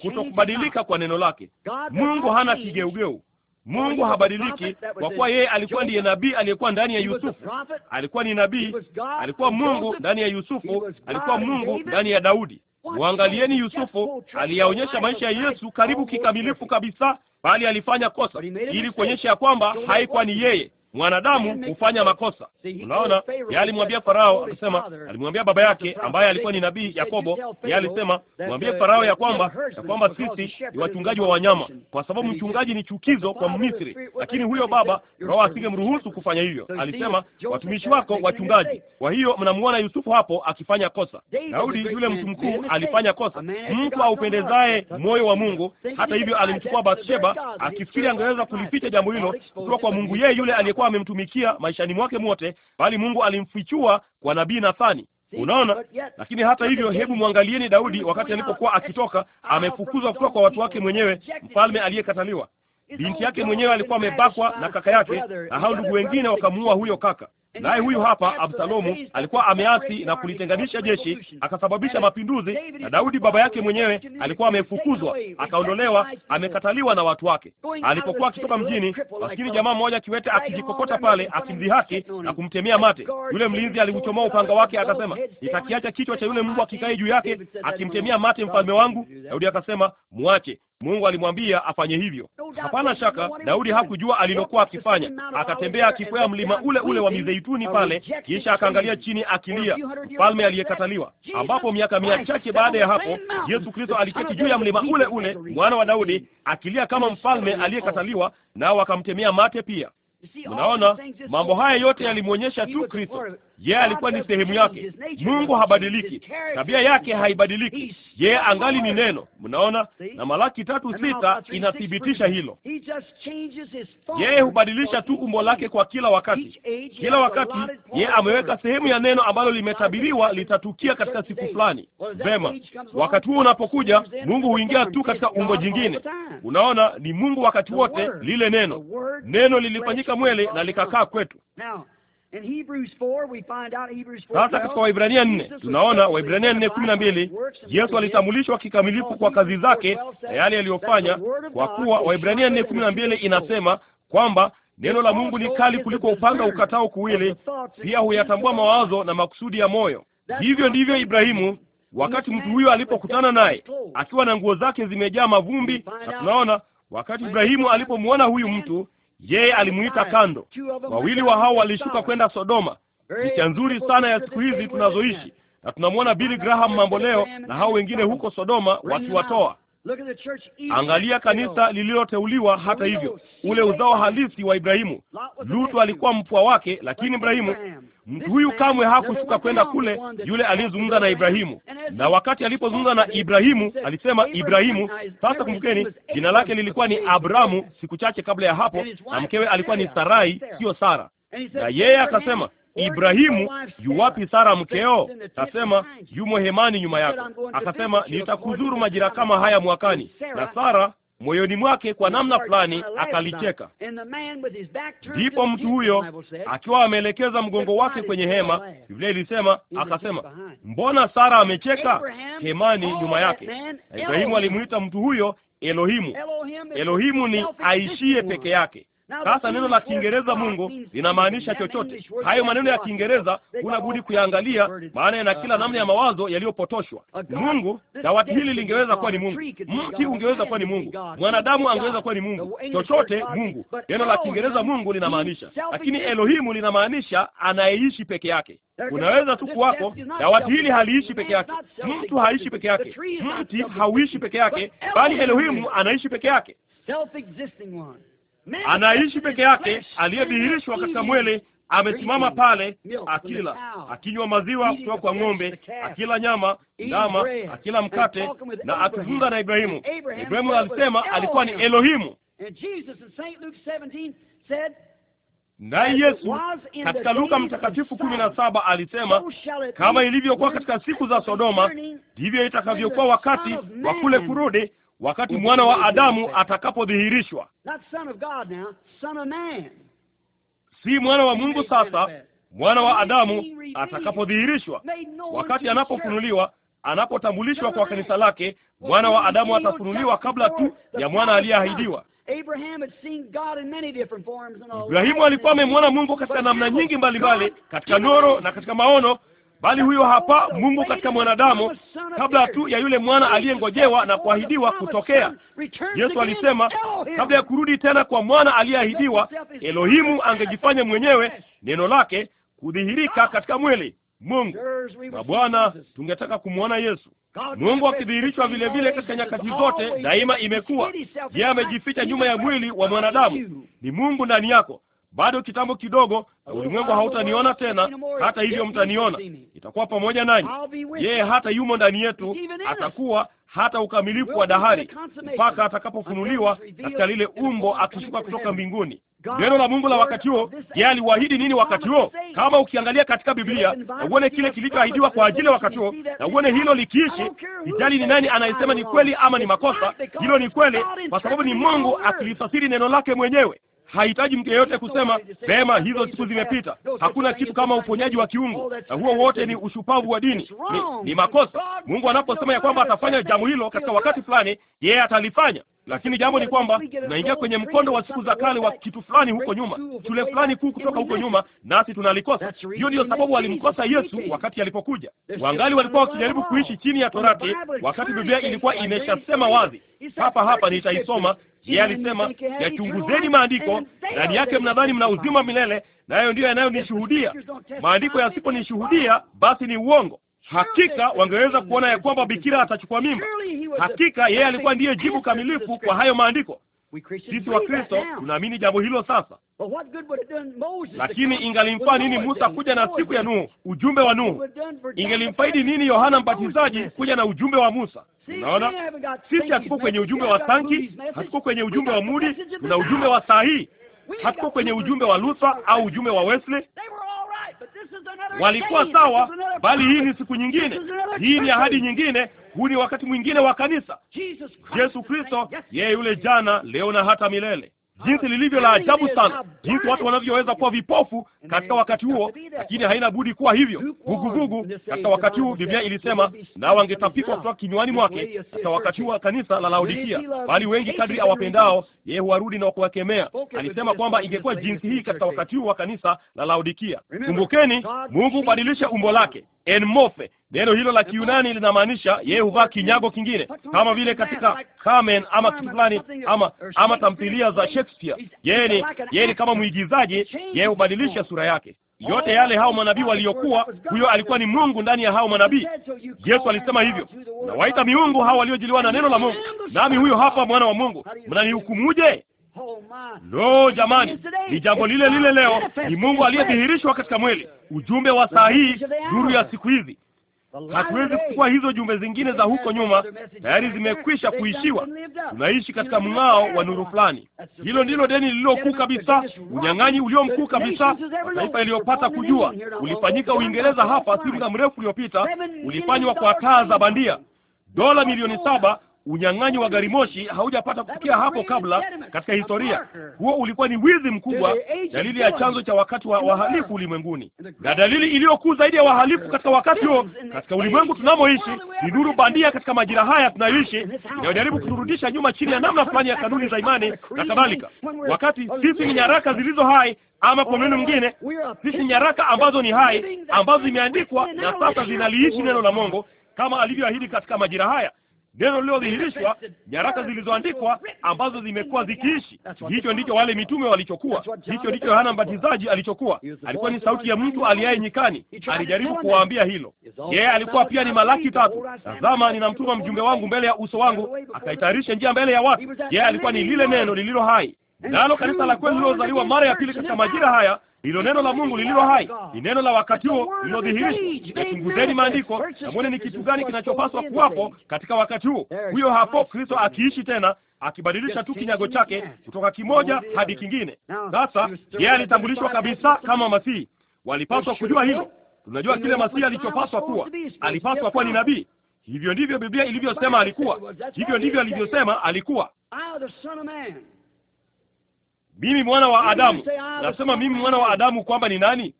kutokubadilika kwa neno lake. Mungu hana kigeugeu. Mungu habadiliki, kwa kuwa yeye alikuwa ndiye nabii aliyekuwa ndani ya Yusufu. Alikuwa ni nabii, alikuwa Mungu ndani ya Yusufu, alikuwa Mungu ndani ya Daudi. mwangalieni Yusufu, aliyaonyesha maisha ya Yesu karibu kikamilifu kabisa, bali alifanya kosa ili kuonyesha ya kwamba haikuwa ni yeye Mwanadamu hufanya makosa. Unaona, yeye alimwambia Farao, akasema, alimwambia baba yake ambaye alikuwa ni nabii Yakobo, yeye alisema, mwambie Farao ya kwamba ya kwamba sisi ni wachungaji wa wanyama, kwa sababu mchungaji ni chukizo kwa Misri. Lakini huyo baba Farao asingemruhusu kufanya hivyo, alisema, watumishi wako wachungaji. Kwa hiyo mnamuona Yusufu hapo akifanya kosa. Daudi yule mtu mkuu alifanya kosa, mtu aupendezaye moyo wa Mungu. Hata hivyo alimchukua Bathsheba akifikiri angeweza kulificha jambo hilo kutoka kwa Mungu yeye yule aliyekuwa alikuwa amemtumikia maishani mwake mwote, bali Mungu alimfichua kwa nabii Nathani. Unaona, lakini hata hivyo, hebu mwangalieni Daudi wakati alipokuwa akitoka, amefukuzwa kutoka kwa watu wake mwenyewe, mfalme aliyekataliwa. Binti yake mwenyewe alikuwa amebakwa na kaka yake, na hao ndugu wengine wakamuua huyo kaka. Naye huyu hapa Absalomu alikuwa ameasi na kulitenganisha jeshi, akasababisha mapinduzi, na Daudi baba yake mwenyewe alikuwa amefukuzwa, akaondolewa, amekataliwa na watu wake. Alipokuwa akitoka mjini, maskini jamaa mmoja kiwete akijikokota pale, akimdhihaki na kumtemea mate, yule mlinzi alimchomoa upanga wake, akasema, nitakiacha kichwa cha yule mbwa kikae juu yake, akimtemea mate mfalme wangu. Daudi akasema, muache Mungu alimwambia afanye hivyo. Hapana shaka Daudi hakujua alilokuwa akifanya. Akatembea akikwea mlima ule ule wa mizeituni pale, kisha akaangalia chini akilia, mfalme aliyekataliwa, ambapo miaka mia chache baada ya hapo Yesu Kristo aliketi juu ya mlima ule ule, mwana wa Daudi, akilia kama mfalme aliyekataliwa, nao wakamtemea mate pia. Mnaona, mambo haya yote yalimwonyesha tu Kristo. Yeye alikuwa ni sehemu yake. Mungu habadiliki, tabia yake haibadiliki. Yeye angali ni neno. Mnaona, na Malaki tatu sita inathibitisha hilo. Yeye hubadilisha tu umbo lake kwa kila wakati. Kila wakati yeye ameweka sehemu ya neno ambalo limetabiriwa litatukia katika siku fulani. Vema, wakati huo unapokuja, Mungu huingia tu katika umbo jingine. Unaona, ni Mungu wakati wote, lile neno. Neno lilifanyika Samueli na likakaa kwetu. Sasa katika Waibrania nne tunaona Waibrania nne kumi na mbili Yesu alitambulishwa kikamilifu kwa kazi zake na yale aliyofanya, kwa kuwa Waibrania nne kumi na mbili inasema kwamba neno la Mungu ni kali kuliko upanga ukatao kuwili, pia huyatambua mawazo na makusudi ya moyo. Hivyo ndivyo Ibrahimu wakati mtu huyo alipokutana naye akiwa na nguo zake zimejaa mavumbi, na tunaona wakati Ibrahimu alipomwona huyu mtu yeye alimwita kando. Wawili wa hao walishuka kwenda Sodoma. Picha nzuri sana ya siku hizi tunazoishi, na tunamwona Billy Graham mambo leo na hao wengine huko Sodoma wakiwatoa. Angalia kanisa lililoteuliwa. Hata hivyo, ule uzao halisi wa Ibrahimu. Lutu alikuwa mpwa wake, lakini Ibrahimu, mtu huyu kamwe hakushuka kwenda kule, yule aliyezungumza na Ibrahimu. Na wakati alipozungumza na Ibrahimu alisema, Ibrahimu. Sasa kumbukeni, jina lake lilikuwa ni Abrahamu siku chache kabla ya hapo, na mkewe alikuwa ni Sarai, sio Sara. Na yeye akasema Ibrahimu, yuwapi Sara mkeo? Akasema, yumo hemani nyuma yako. Akasema nitakuzuru majira kama haya mwakani. Na Sara moyoni mwake kwa namna fulani akalicheka. Ndipo mtu huyo akiwa ameelekeza mgongo wake kwenye hema, Biblia ilisema akasema, mbona Sara amecheka hemani nyuma yake? Na Ibrahimu alimwita mtu huyo Elohimu. Elohimu ni aishie peke yake, sasa neno la Kiingereza Mungu linamaanisha chochote. Hayo maneno ya Kiingereza huna budi kuyaangalia, maana yana kila namna ya mawazo yaliyopotoshwa. Mungu, dawati hili lingeweza kuwa ni Mungu, mti ungeweza kuwa ni Mungu, mwanadamu angeweza kuwa ni Mungu, chochote Mungu. Neno la Kiingereza Mungu linamaanisha, lakini Elohimu linamaanisha anayeishi peke yake. Unaweza tu kuwako, dawati hili haliishi peke yake, mtu haishi peke yake, mti hauishi peke yake, bali Elohimu anaishi peke yake anaishi peke yake, aliyedhihirishwa katika mwili, amesimama pale akila, akinywa maziwa kutoka kwa ng'ombe, akila nyama, ndama, akila mkate na akizungumza na Ibrahimu. Ibrahimu alisema alikuwa ni Elohimu. Naye Yesu katika Luka mtakatifu kumi na saba alisema, kama ilivyokuwa katika siku za Sodoma, ndivyo itakavyokuwa wakati wa kule kurudi wakati mwana wa Adamu atakapodhihirishwa. Si mwana wa Mungu sasa, mwana wa Adamu atakapodhihirishwa, wakati anapofunuliwa, anapotambulishwa kwa kanisa lake, mwana wa Adamu atafunuliwa kabla tu ya mwana aliyeahidiwa. Ibrahimu alikuwa amemwona Mungu katika namna nyingi mbalimbali, katika noro na katika maono bali huyo hapa Mungu katika mwanadamu, kabla tu ya yule mwana aliyengojewa na kuahidiwa kutokea. Yesu alisema kabla ya kurudi tena kwa mwana aliyeahidiwa, Elohimu angejifanya mwenyewe neno lake kudhihirika katika mwili. Mungu na Bwana, tungetaka kumwona Yesu. Mungu akidhihirishwa vile vile katika nyakati zote, daima imekuwa yeye amejificha nyuma ya mwili wa mwanadamu. Ni Mungu ndani yako bado kitambo kidogo, ulimwengu hautaniona tena, hata hivyo mtaniona, itakuwa pamoja nanyi. Yeye hata yumo ndani yetu, atakuwa hata ukamilifu wa dahari, mpaka atakapofunuliwa katika lile umbo akishuka kutoka mbinguni. Neno la Mungu la wakati huo. Je, aliwaahidi nini wakati huo? Kama ukiangalia katika Biblia na uone kile kilichoahidiwa kwa ajili ya wakati huo, na uone hilo likiishi, sijali ni nani anayesema ni kweli ama ni makosa, hilo ni kweli, kwa sababu ni Mungu akilifasiri neno lake mwenyewe hahitaji mtu yeyote kusema vema, hizo siku zimepita. Hakuna kitu kama uponyaji wa kiungu, na huo wote ni ushupavu wa dini, ni, ni makosa. Mungu anaposema ya kwamba atafanya jambo hilo katika wakati fulani, yeye atalifanya lakini jambo ni kwamba tunaingia kwenye mkondo wa siku za kale wa kitu fulani huko nyuma, shule fulani kuu kutoka huko nyuma, nasi tunalikosa. Hiyo ndiyo sababu walimkosa Yesu wakati alipokuja. Wangali walikuwa wakijaribu kuishi chini ya Torati, wakati Biblia ilikuwa imeshasema wazi. Hapa hapa nitaisoma yeye alisema yachunguzeni maandiko, ndani yake mnadhani mna uzima milele, nayo ndiyo yanayonishuhudia. Maandiko yasiponishuhudia, basi ni uongo. Hakika wangeweza kuona ya kwamba bikira atachukua mimba. Hakika yeye alikuwa ndiye jibu kamilifu kwa hayo maandiko. Sisi wa Kristo tunaamini jambo hilo sasa. Lakini ingalimfaa nini Musa kuja na siku ya Nuhu, ujumbe wa Nuhu? Ingelimfaidi nini Yohana Mbatizaji kuja na ujumbe wa Musa? Unaona, sisi hatuko kwenye ujumbe wa sanki hatuko kwenye ujumbe wa mudi kuna ujumbe wa saa Hatuko kwenye ujumbe wa Luther au ujumbe wa Wesley. Walikuwa sawa, bali hii ni siku nyingine, hii ni ahadi nyingine, huu ni wakati mwingine wa kanisa. Yesu Kristo yeye yule jana, leo na hata milele. Jinsi lilivyo la ajabu sana, jinsi watu wanavyoweza kuwa vipofu katika wakati huo, lakini haina budi kuwa hivyo. Vuguvugu katika wakati huu, Biblia ilisema na wangetapikwa kutoka kinywani mwake, katika wakati huo kanisa la Laodikia. Bali wengi kadri awapendao yeye huwarudi na kuwakemea. Alisema kwamba ingekuwa jinsi hii katika wakati huu wa kanisa la Laodikia. Kumbukeni, Mungu hubadilisha umbo lake enmofe. Neno hilo la kiunani linamaanisha yeye huvaa kinyago kingine, kama vile katika Carmen ama kitu fulani ama ama tamthilia za Shakespeare. Yeye ni yeye ni kama mwigizaji, yeye hubadilisha sura yake yote yale hao manabii waliokuwa, huyo alikuwa ni Mungu ndani ya hao manabii. Yesu alisema hivyo, nawaita miungu hao waliojiliwa na neno la Mungu, nami huyo hapa mwana wa Mungu. Mnanihukumuje? Lo, jamani, ni jambo lile lile leo. Ni Mungu aliyedhihirishwa katika mwili. Ujumbe wa saa hii, nuru ya siku hizi. Hatuwezi kuchukua hizo jumbe zingine za huko nyuma, tayari zimekwisha kuishiwa. Tunaishi katika mng'ao wa nuru fulani. Hilo ndilo deni lililokuu kabisa, unyang'anyi ulio mkuu kabisa, mataifa iliyopata kujua. Ulifanyika Uingereza hapa si muda mrefu uliopita, ulifanywa kwa taa za bandia, dola milioni saba unyang'anyi wa garimoshi haujapata kufikia hapo kabla katika historia. Huo ulikuwa ni wizi mkubwa, dalili ya chanzo cha wakati wa wahalifu ulimwenguni, na dalili iliyokuu zaidi ya wahalifu katika wakati huo katika ulimwengu tunamoishi ni duru bandia katika majira haya tunayoishi, inayojaribu kuturudisha nyuma chini ya namna fulani ya kanuni za imani na kadhalika, wakati sisi ni nyaraka zilizo hai ama kwa neno mwingine, sisi nyaraka ambazo ni hai ambazo zimeandikwa na sasa zinaliishi neno la Mungu kama alivyoahidi katika majira haya neno lililodhihirishwa, nyaraka zilizoandikwa ambazo zimekuwa zikiishi. Hicho ndicho wale mitume walichokuwa, hicho ndicho Yohana Mbatizaji alichokuwa. Alikuwa ni sauti ya mtu aliaye nyikani, alijaribu kuwaambia hilo. Yeye alikuwa pia ni Malaki tatu, tazama, ninamtuma mjumbe wangu mbele ya uso wangu, akaitayarisha njia mbele ya watu. Yeye alikuwa ni lile neno lililo hai, nalo kanisa la kweli lililozaliwa mara ya pili katika majira haya hilo neno la Mungu lililo hai ni neno la wakati huo lililodhihirishwa. Yachunguzeni maandiko na mwone ni kitu gani kinachopaswa kuwapo katika wakati huo. Huyo hapo Kristo akiishi tena, akibadilisha tu kinyago chake kutoka kimoja hadi kingine. Sasa yeye alitambulishwa kabisa kama Masihi. Walipaswa kujua hilo. Tunajua kile Masihi alichopaswa kuwa, alipaswa kuwa ni nabii. Hivyo ndivyo Biblia ilivyosema alikuwa, hivyo ndivyo alivyosema alikuwa mimi mwana wa Adamu. Ah, Nasema mimi mwana wa Adamu kwamba ni nani?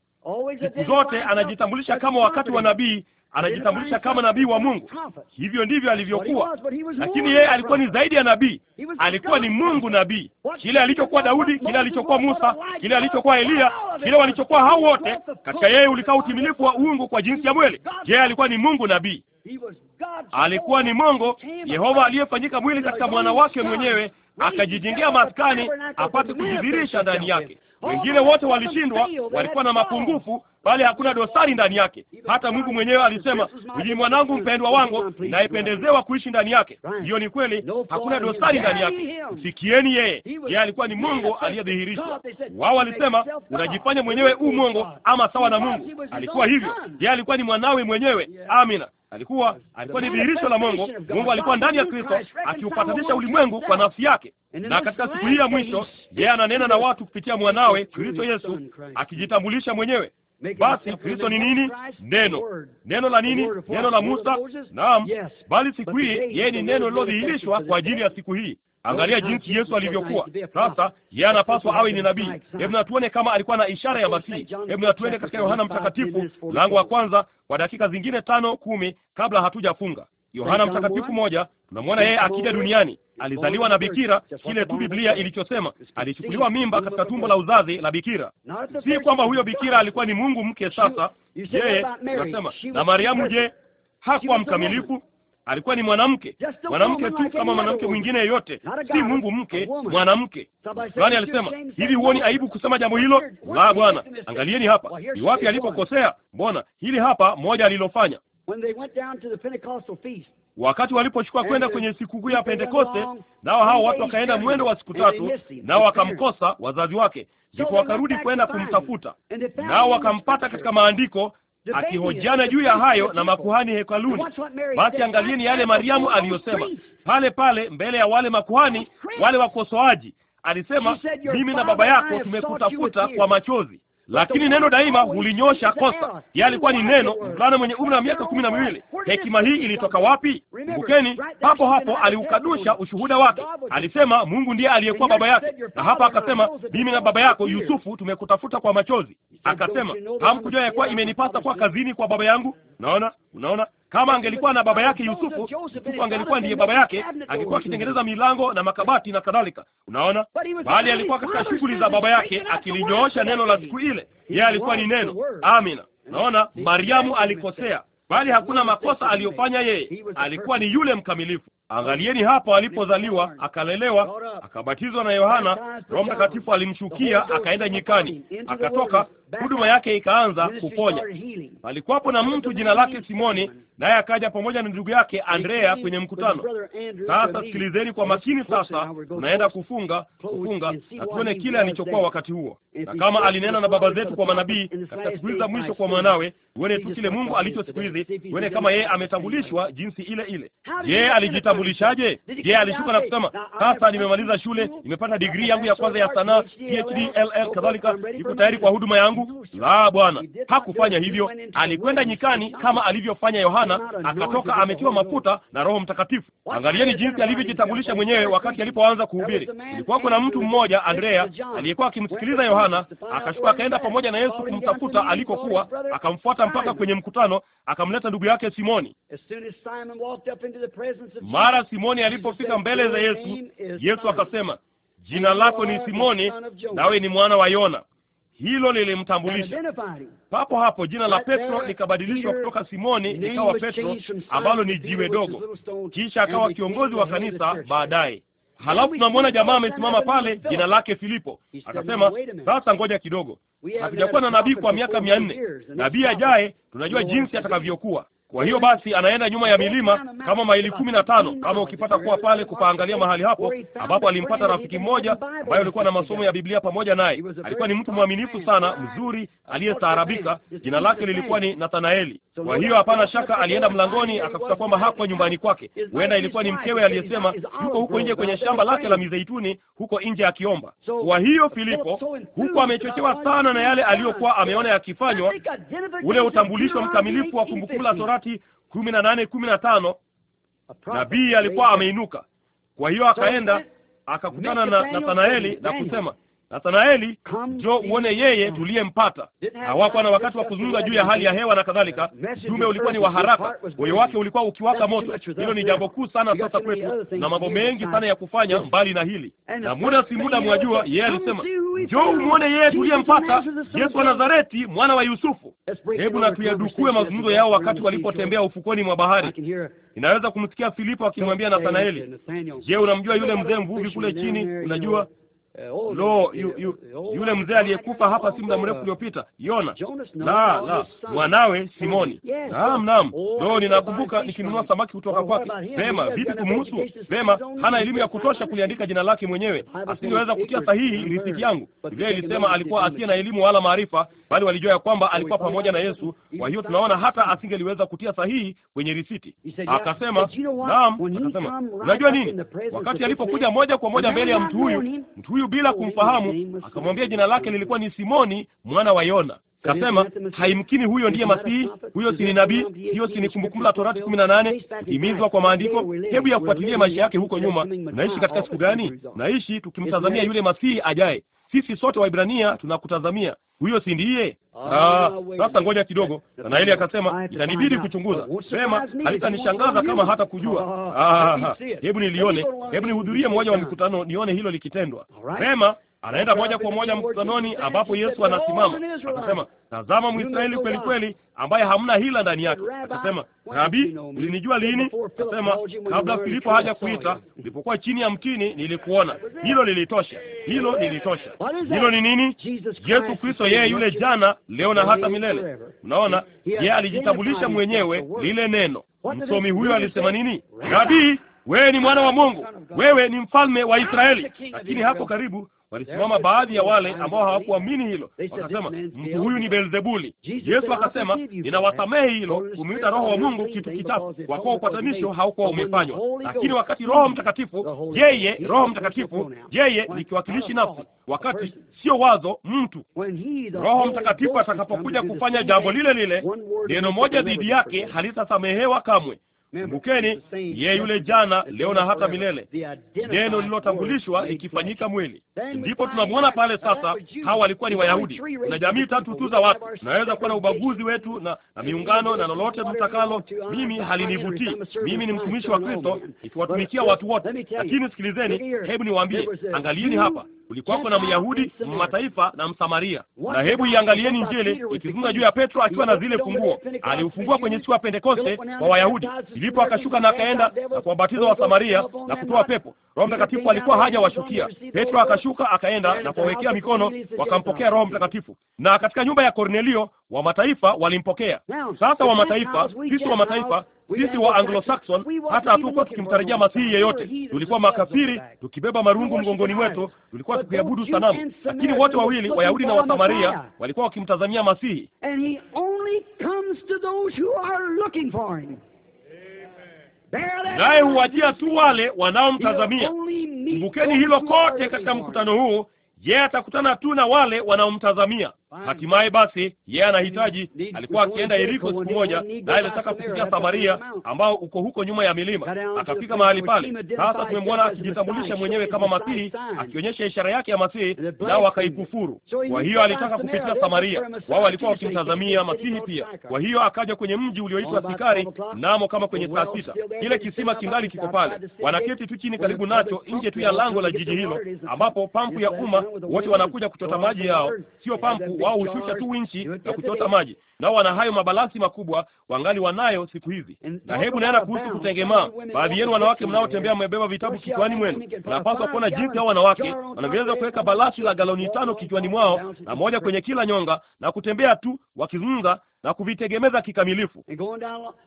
Siku zote anajitambulisha kama wakati wa nabii, anajitambulisha kama nabii wa Mungu. Hivyo ndivyo alivyokuwa, lakini yeye alikuwa ni zaidi ya nabii, alikuwa ni Mungu nabii. Kile alichokuwa Daudi, kile alichokuwa Musa, kile alichokuwa Eliya, kile walichokuwa hao wote, katika yeye ulikaa utimilifu wa uungu kwa jinsi ya mwili. Je, alikuwa ni Mungu nabii, alikuwa ni Mungu Yehova aliyefanyika mwili katika mwana wake mwenyewe akajijengea maskani apate kujidhihirisha ndani yake. Wengine wote walishindwa, walikuwa na mapungufu, bali hakuna dosari ndani yake. Hata Mungu mwenyewe alisema, ni mwanangu mpendwa wangu, naipendezewa kuishi ndani yake. Hiyo ni kweli, hakuna dosari ndani yake. Sikieni yeye, yeye alikuwa ni Mungu aliyedhihirishwa. Wao walisema unajifanya mwenyewe u Mungu ama sawa na Mungu. Alikuwa hivyo, yeye alikuwa ni mwanawe mwenyewe. Amina. Alikuwa alikuwa ni dhihirisho la Mungu. Mungu alikuwa ndani ya Kristo akiupatanisha ulimwengu kwa nafsi yake, na katika siku hii ya mwisho yeye ananena na watu kupitia mwanawe Kristo Yesu, akijitambulisha mwenyewe. Basi Kristo ni nini? Neno, neno la nini? Neno la Musa. Naam, bali siku hii yeye ni neno lilodhihirishwa kwa ajili ya siku hii. Angalia jinsi Yesu alivyokuwa. Sasa yeye anapaswa awe ni nabii. Hebu natuone kama alikuwa na ishara ya Masihi. Hebu natuende katika Yohana Mtakatifu mlango wa kwanza kwa dakika zingine tano kumi kabla hatujafunga. Yohana Mtakatifu moja, tunamwona yeye akija duniani Alizaliwa na bikira, kile tu Biblia ilichosema. Alichukuliwa mimba katika tumbo la uzazi la bikira. Si kwamba huyo bikira alikuwa ni Mungu mke. Sasa yeye unasema, na Mariamu, je, hakuwa mkamilifu? Alikuwa ni mwanamke, mwanamke tu kama mwanamke mwingine yeyote, si Mungu mke, mwanamke. Yohana alisema hivi, huoni aibu kusema jambo hilo? La, Bwana, angalieni hapa, ni wapi alipokosea? Mbona hili hapa moja alilofanya Wakati walipochukua kwenda kwenye sikukuu ya Pentekoste, nao hao watu wakaenda mwendo wa siku tatu, nao wakamkosa wazazi wake, ndipo wakarudi kwenda kumtafuta, nao wakampata katika maandiko akihojana juu ya hayo na makuhani hekaluni. Basi angalieni yale Mariamu aliyosema pale pale mbele ya wale makuhani, wale wakosoaji. Alisema, mimi na baba yako tumekutafuta kwa machozi lakini neno daima hulinyosha kosa. Yeye alikuwa ni neno, mvulana mwenye umri wa miaka kumi na miwili. Hekima hii ilitoka wapi? Kumbukeni, papo hapo aliukadusha ushuhuda wake, alisema Mungu ndiye aliyekuwa baba yake, na hapa akasema mimi na baba yako Yusufu tumekutafuta kwa machozi. Akasema hamkujua ya kuwa imenipasa kwa kazini kwa baba yangu. Unaona, unaona kama angelikuwa na baba yake Yusufu, Yusufu angelikuwa ndiye baba yake, angekuwa akitengeneza milango na makabati na kadhalika. Unaona, bali alikuwa katika shughuli za baba yake, akilinyoosha neno la siku ile. Yeye alikuwa ni neno. Amina. Unaona, Mariamu alikosea, bali hakuna makosa aliyofanya yeye. Alikuwa ni yule mkamilifu. Angalieni hapo alipozaliwa, akalelewa, akabatizwa na Yohana, Roho Mtakatifu alimshukia, akaenda nyikani, akatoka huduma yake ikaanza kuponya. Palikuwapo na mtu jina lake Simoni, naye akaja pamoja na ndugu yake Andrea kwenye mkutano. Sasa sikilizeni kwa makini. Sasa tunaenda kufunga kufunga na tuone kile alichokuwa wakati huo, na kama alinena na baba zetu kwa manabii katika siku za mwisho kwa mwanawe, uone tu kile Mungu alicho siku hizi, uone kama yeye ametambulishwa jinsi ile ile. ye alijitambulishaje? Je, alishuka na kusema sasa, nimemaliza shule, nimepata digrii yangu ya kwanza ya sanaa, PhD, LL kadhalika, niko tayari kwa huduma yangu la, Bwana hakufanya hivyo. Alikwenda nyikani kama alivyofanya Yohana, akatoka ametiwa mafuta na Roho Mtakatifu. Angalieni jinsi alivyojitambulisha mwenyewe wakati alipoanza kuhubiri. Kulikuwa kuna mtu mmoja Andrea, aliyekuwa akimsikiliza Yohana, akashuka akaenda pamoja na Yesu kumtafuta alikokuwa, akamfuata mpaka kwenye mkutano, akamleta ndugu yake Simoni. Mara Simoni alipofika mbele za Yesu, Yesu akasema, jina lako ni Simoni, nawe ni mwana wa Yona, hilo lilimtambulisha papo hapo. Jina la Petro likabadilishwa kutoka Simoni likawa Petro, ambalo ni jiwe dogo, kisha akawa kiongozi wa kanisa baadaye. Halafu tunamwona jamaa amesimama pale, jina lake Filipo. Akasema, sasa ngoja kidogo, hatujakuwa na nabii kwa miaka mia nne. Nabii ajaye tunajua jinsi atakavyokuwa. Kwa hiyo basi anaenda nyuma ya milima kama maili kumi na tano kama ukipata kuwa pale kupaangalia mahali hapo ambapo alimpata rafiki mmoja ambaye alikuwa na masomo ya Biblia pamoja naye. Alikuwa ni mtu mwaminifu sana, mzuri, aliyestaarabika. Jina lake lilikuwa ni Nathanaeli. Kwa hiyo hapana shaka alienda mlangoni akakuta kwamba hapo nyumbani kwake, huenda ilikuwa ni mkewe aliyesema yuko huko nje kwenye shamba lake la mizeituni huko nje akiomba. Kwa hiyo Filipo huko amechochewa sana na yale aliyokuwa ameona yakifanywa, ule utambulisho mkamilifu wa kumbukumbu la Torati Torati kumi na nane kumi na tano nabii alikuwa ameinuka. Kwa hiyo akaenda akakutana na Nathanaeli na kusema, Nathanaeli, njoo uone yeye tuliyempata. Hawakuwa na wakati wa kuzungumza juu ya hali ya hewa na kadhalika. Ujumbe ulikuwa ni wa haraka, moyo wake ulikuwa ukiwaka moto. Hilo ni jambo kuu sana sasa kwetu, na mambo mengi sana ya kufanya mbali na hili. Na muda si muda, mwajua, yeye alisema, njoo umuone yeye tuliyempata, Yesu wa Nazareti, mwana wa Yusufu. Hebu na tuyadukue mazungumzo yao wakati walipotembea ufukoni mwa bahari. Inaweza kumsikia Filipo akimwambia Nathanaeli, je, unamjua yule mzee mvuvi kule chini? Unajua Eh, oh, Lo, yu, eh, yu, eh, oh, yule mzee aliyekufa hapa si muda mrefu uliopita, Yona. Uh, la, la, mwanawe Simoni. Naam, naam. Oh, Lo, ninakumbuka nikinunua samaki kutoka kwake. Vema, vipi kumhusu? Vema, hana elimu ya kutosha kuliandika jina lake mwenyewe, asingeweza kutia sahihi risiti yangu. Biblia ilisema alikuwa asiye na elimu wala maarifa, bali walijua ya kwamba alikuwa pamoja na Yesu. Kwa hiyo tunaona hata asingeliweza kutia sahihi kwenye risiti. Akasema naam, akasema unajua nini, wakati alipokuja moja kwa moja mbele ya mtu huyu, mtu huyu huyu bila oh, kumfahamu, akamwambia jina lake lilikuwa ni Simoni mwana wa Yona. Kasema, haimkini huyo ndiye Masihi, huyo si ni nabii, hiyo si ni Kumbukumbu la Torati kumi na nane kutimizwa kwa maandiko. Hebu yafuatilie maisha yake huko nyuma, naishi katika siku gani? Naishi tukimtazamia yule Masihi ajaye sisi sote Waibrania tunakutazamia. Huyo si ndiye? Ah, ah, sasa ngoja kidogo. Naeli akasema ah, itanibidi kuchunguza. Sema alitanishangaza kama hata kujua. Hebu nilione, hebu nihudhurie mmoja wa mikutano nione hilo likitendwa. Sema anaenda moja kwa moja mkutanoni ambapo Yesu anasimama, akasema, tazama Mwisraeli kweli kweli, ambaye hamna hila ndani yake. Akasema, Rabi, ulinijua lini? Akasema, kabla Filipo haja kuita, nilipokuwa chini ya mtini nilikuona. Hilo lilitosha, hilo lilitosha. Hilo ni nini? Yesu Kristo, yeye yule jana, leo na hata milele. Unaona, yeye alijitambulisha mwenyewe lile neno. Msomi huyo alisema nini? Rabi, wewe ni mwana wa Mungu, wewe ni mfalme wa Israeli. Lakini hapo karibu walisimama baadhi ya wale ambao hawakuamini hilo, wakasema mtu huyu ni Beelzebuli. Yesu akasema, ninawasamehe hilo, kumwita Roho wa Mungu kitu kitafu, kwa kuwa upatanisho haukuwa umefanywa. Lakini wakati Roho Mtakatifu, yeye Roho Mtakatifu, yeye nikiwakilishi nafsi, wakati sio wazo mtu, Roho Mtakatifu atakapokuja kufanya jambo lile lile, neno moja dhidi yake halitasamehewa kamwe. Kumbukeni, yeye yule jana, leo na hata milele, neno lililotambulishwa likifanyika mwili. Ndipo tunamwona pale uh, sasa. Hawa walikuwa ni Wayahudi na jamii tatu tu za watu. Tunaweza kuwa na ubaguzi wetu na, na miungano na lolote tutakalo Mimi halinivutii. Mimi ni mtumishi wa Kristo nikiwatumikia watu wote, lakini sikilizeni, hebu niwaambie, angalieni hapa kulikuwako na Myahudi, mataifa na Msamaria. Na hebu iangalieni Injili ikizunga juu ya Petro akiwa na zile funguo. Aliufungua kwenye siku ya Pentekoste kwa Wayahudi, ndipo akashuka na akaenda na kuwabatiza wa Samaria na kutoa pepo. Roho Mtakatifu alikuwa haja washukia Petro, akashuka akaenda na kuwawekea mikono, wakampokea Roho Mtakatifu. Na katika nyumba ya Kornelio wa mataifa walimpokea. Sasa wa mataifa, sisi wa mataifa sisi wa Anglo-Saxon hata hatukuwa tukimtarajia masihi yeyote. Tulikuwa makafiri tukibeba marungu mgongoni mwetu, tulikuwa tukiabudu sanamu. Lakini wote wawili, Wayahudi na Wasamaria, walikuwa wakimtazamia masihi. Naye huwajia tu wale wanaomtazamia. Kumbukeni hilo kote katika mkutano huu. Yeye atakutana tu na wale wanaomtazamia. Hatimaye basi yeye anahitaji, alikuwa akienda Yeriko siku moja, naye alitaka kupitia Samaria ambao uko huko nyuma ya milima, akafika mahali pale. Sasa tumemwona akijitambulisha mwenyewe kama Masihi, akionyesha ishara yake ya Masihi, nao wakaikufuru. Kwa hiyo alitaka kupitia Samaria, wao walikuwa wakimtazamia Masihi pia. Kwa hiyo akaja kwenye mji ulioitwa Sikari, namo kama kwenye saa sita, kile kisima kingali kiko pale, wanaketi tu chini karibu nacho, nje tu ya lango la jiji hilo, ambapo pampu ya umma wote wanakuja kuchota maji yao, sio pampu wao hushusha tu winchi na kuchota maji, nao wana hayo mabalasi makubwa, wangali wanayo siku hizi. Na hebu naenda kuhusu kutengemaa, baadhi yenu wanawake mnaotembea mmebeba vitabu kichwani mwenu, wanapaswa kuona jinsi hao wanawake wanavyoweza kuweka balasi la galoni tano kichwani mwao na moja kwenye kila nyonga na kutembea tu wakizunga na kuvitegemeza kikamilifu.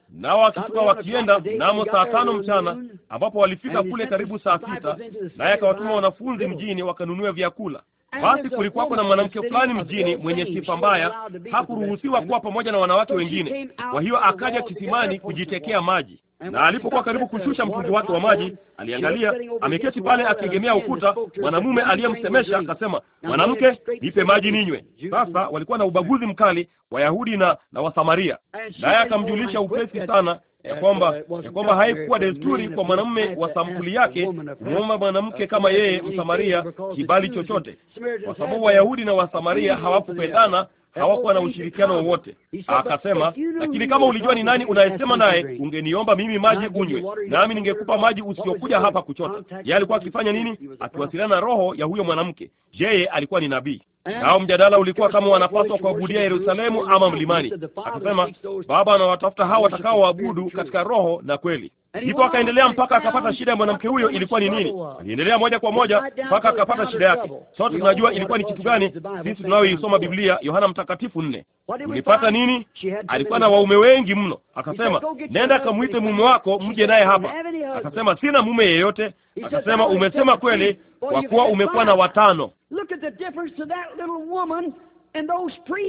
Nao wakishuka wakienda namo saa tano mchana, ambapo walifika kule karibu saa sita, naye akawatuma wanafunzi mjini wakanunue vyakula. Basi kulikuwako na mwanamke fulani mjini mwenye sifa mbaya, hakuruhusiwa kuwa pamoja na wanawake wengine. Kwa hiyo akaja kisimani kujitekea maji, na alipokuwa karibu kushusha mtungi wake wa maji, aliangalia ameketi pale akiegemea ukuta mwanamume aliyemsemesha, akasema, mwanamke, nipe maji ninywe. Sasa walikuwa na ubaguzi mkali Wayahudi na na Wasamaria, naye oh, akamjulisha upesi sana ya kwamba ya kwamba haikuwa desturi kwa mwanamume wa sampuli yake kumwomba mwanamke kama yeye Msamaria kibali chochote, kwa sababu Wayahudi na Wasamaria hawakupendana, hawakuwa na ushirikiano wowote. Akasema, lakini kama ulijua ni nani unayesema naye, ungeniomba mimi maji unywe, nami ningekupa maji usiokuja hapa kuchota. Yeye alikuwa akifanya nini? Akiwasiliana na roho ya huyo mwanamke. Yeye alikuwa ni nabii. Eh? nao mjadala ulikuwa kama wanapaswa kuabudia Yerusalemu ama mlimani. Akasema Baba anawatafuta hao waabudu katika roho na kweli. Ndipo akaendelea mpaka akapata shida ya mwanamke huyo. Ilikuwa ni nini? Aliendelea moja kwa moja mpaka akapata shida yake. Sote tunajua ilikuwa ni kitu gani, sisi tunayoisoma Biblia, Yohana Mtakatifu nne. Ulipata nini? Alikuwa na waume wengi mno. Akasema nenda kamwite mume wako mje naye hapa. Akasema sina mume yeyote. Akasema umesema kweli, kwa kuwa umekuwa na watano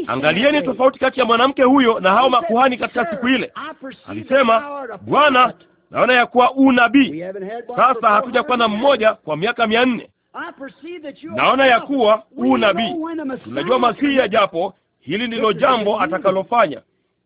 Angalieni tofauti kati ya mwanamke huyo na hao makuhani katika siku ile. Alisema, Bwana, naona ya kuwa unabii. Sasa hatujakuwa na mmoja kwa miaka mia nne. Naona ya kuwa unabii. Tunajua Masihi japo hili ndilo jambo atakalofanya.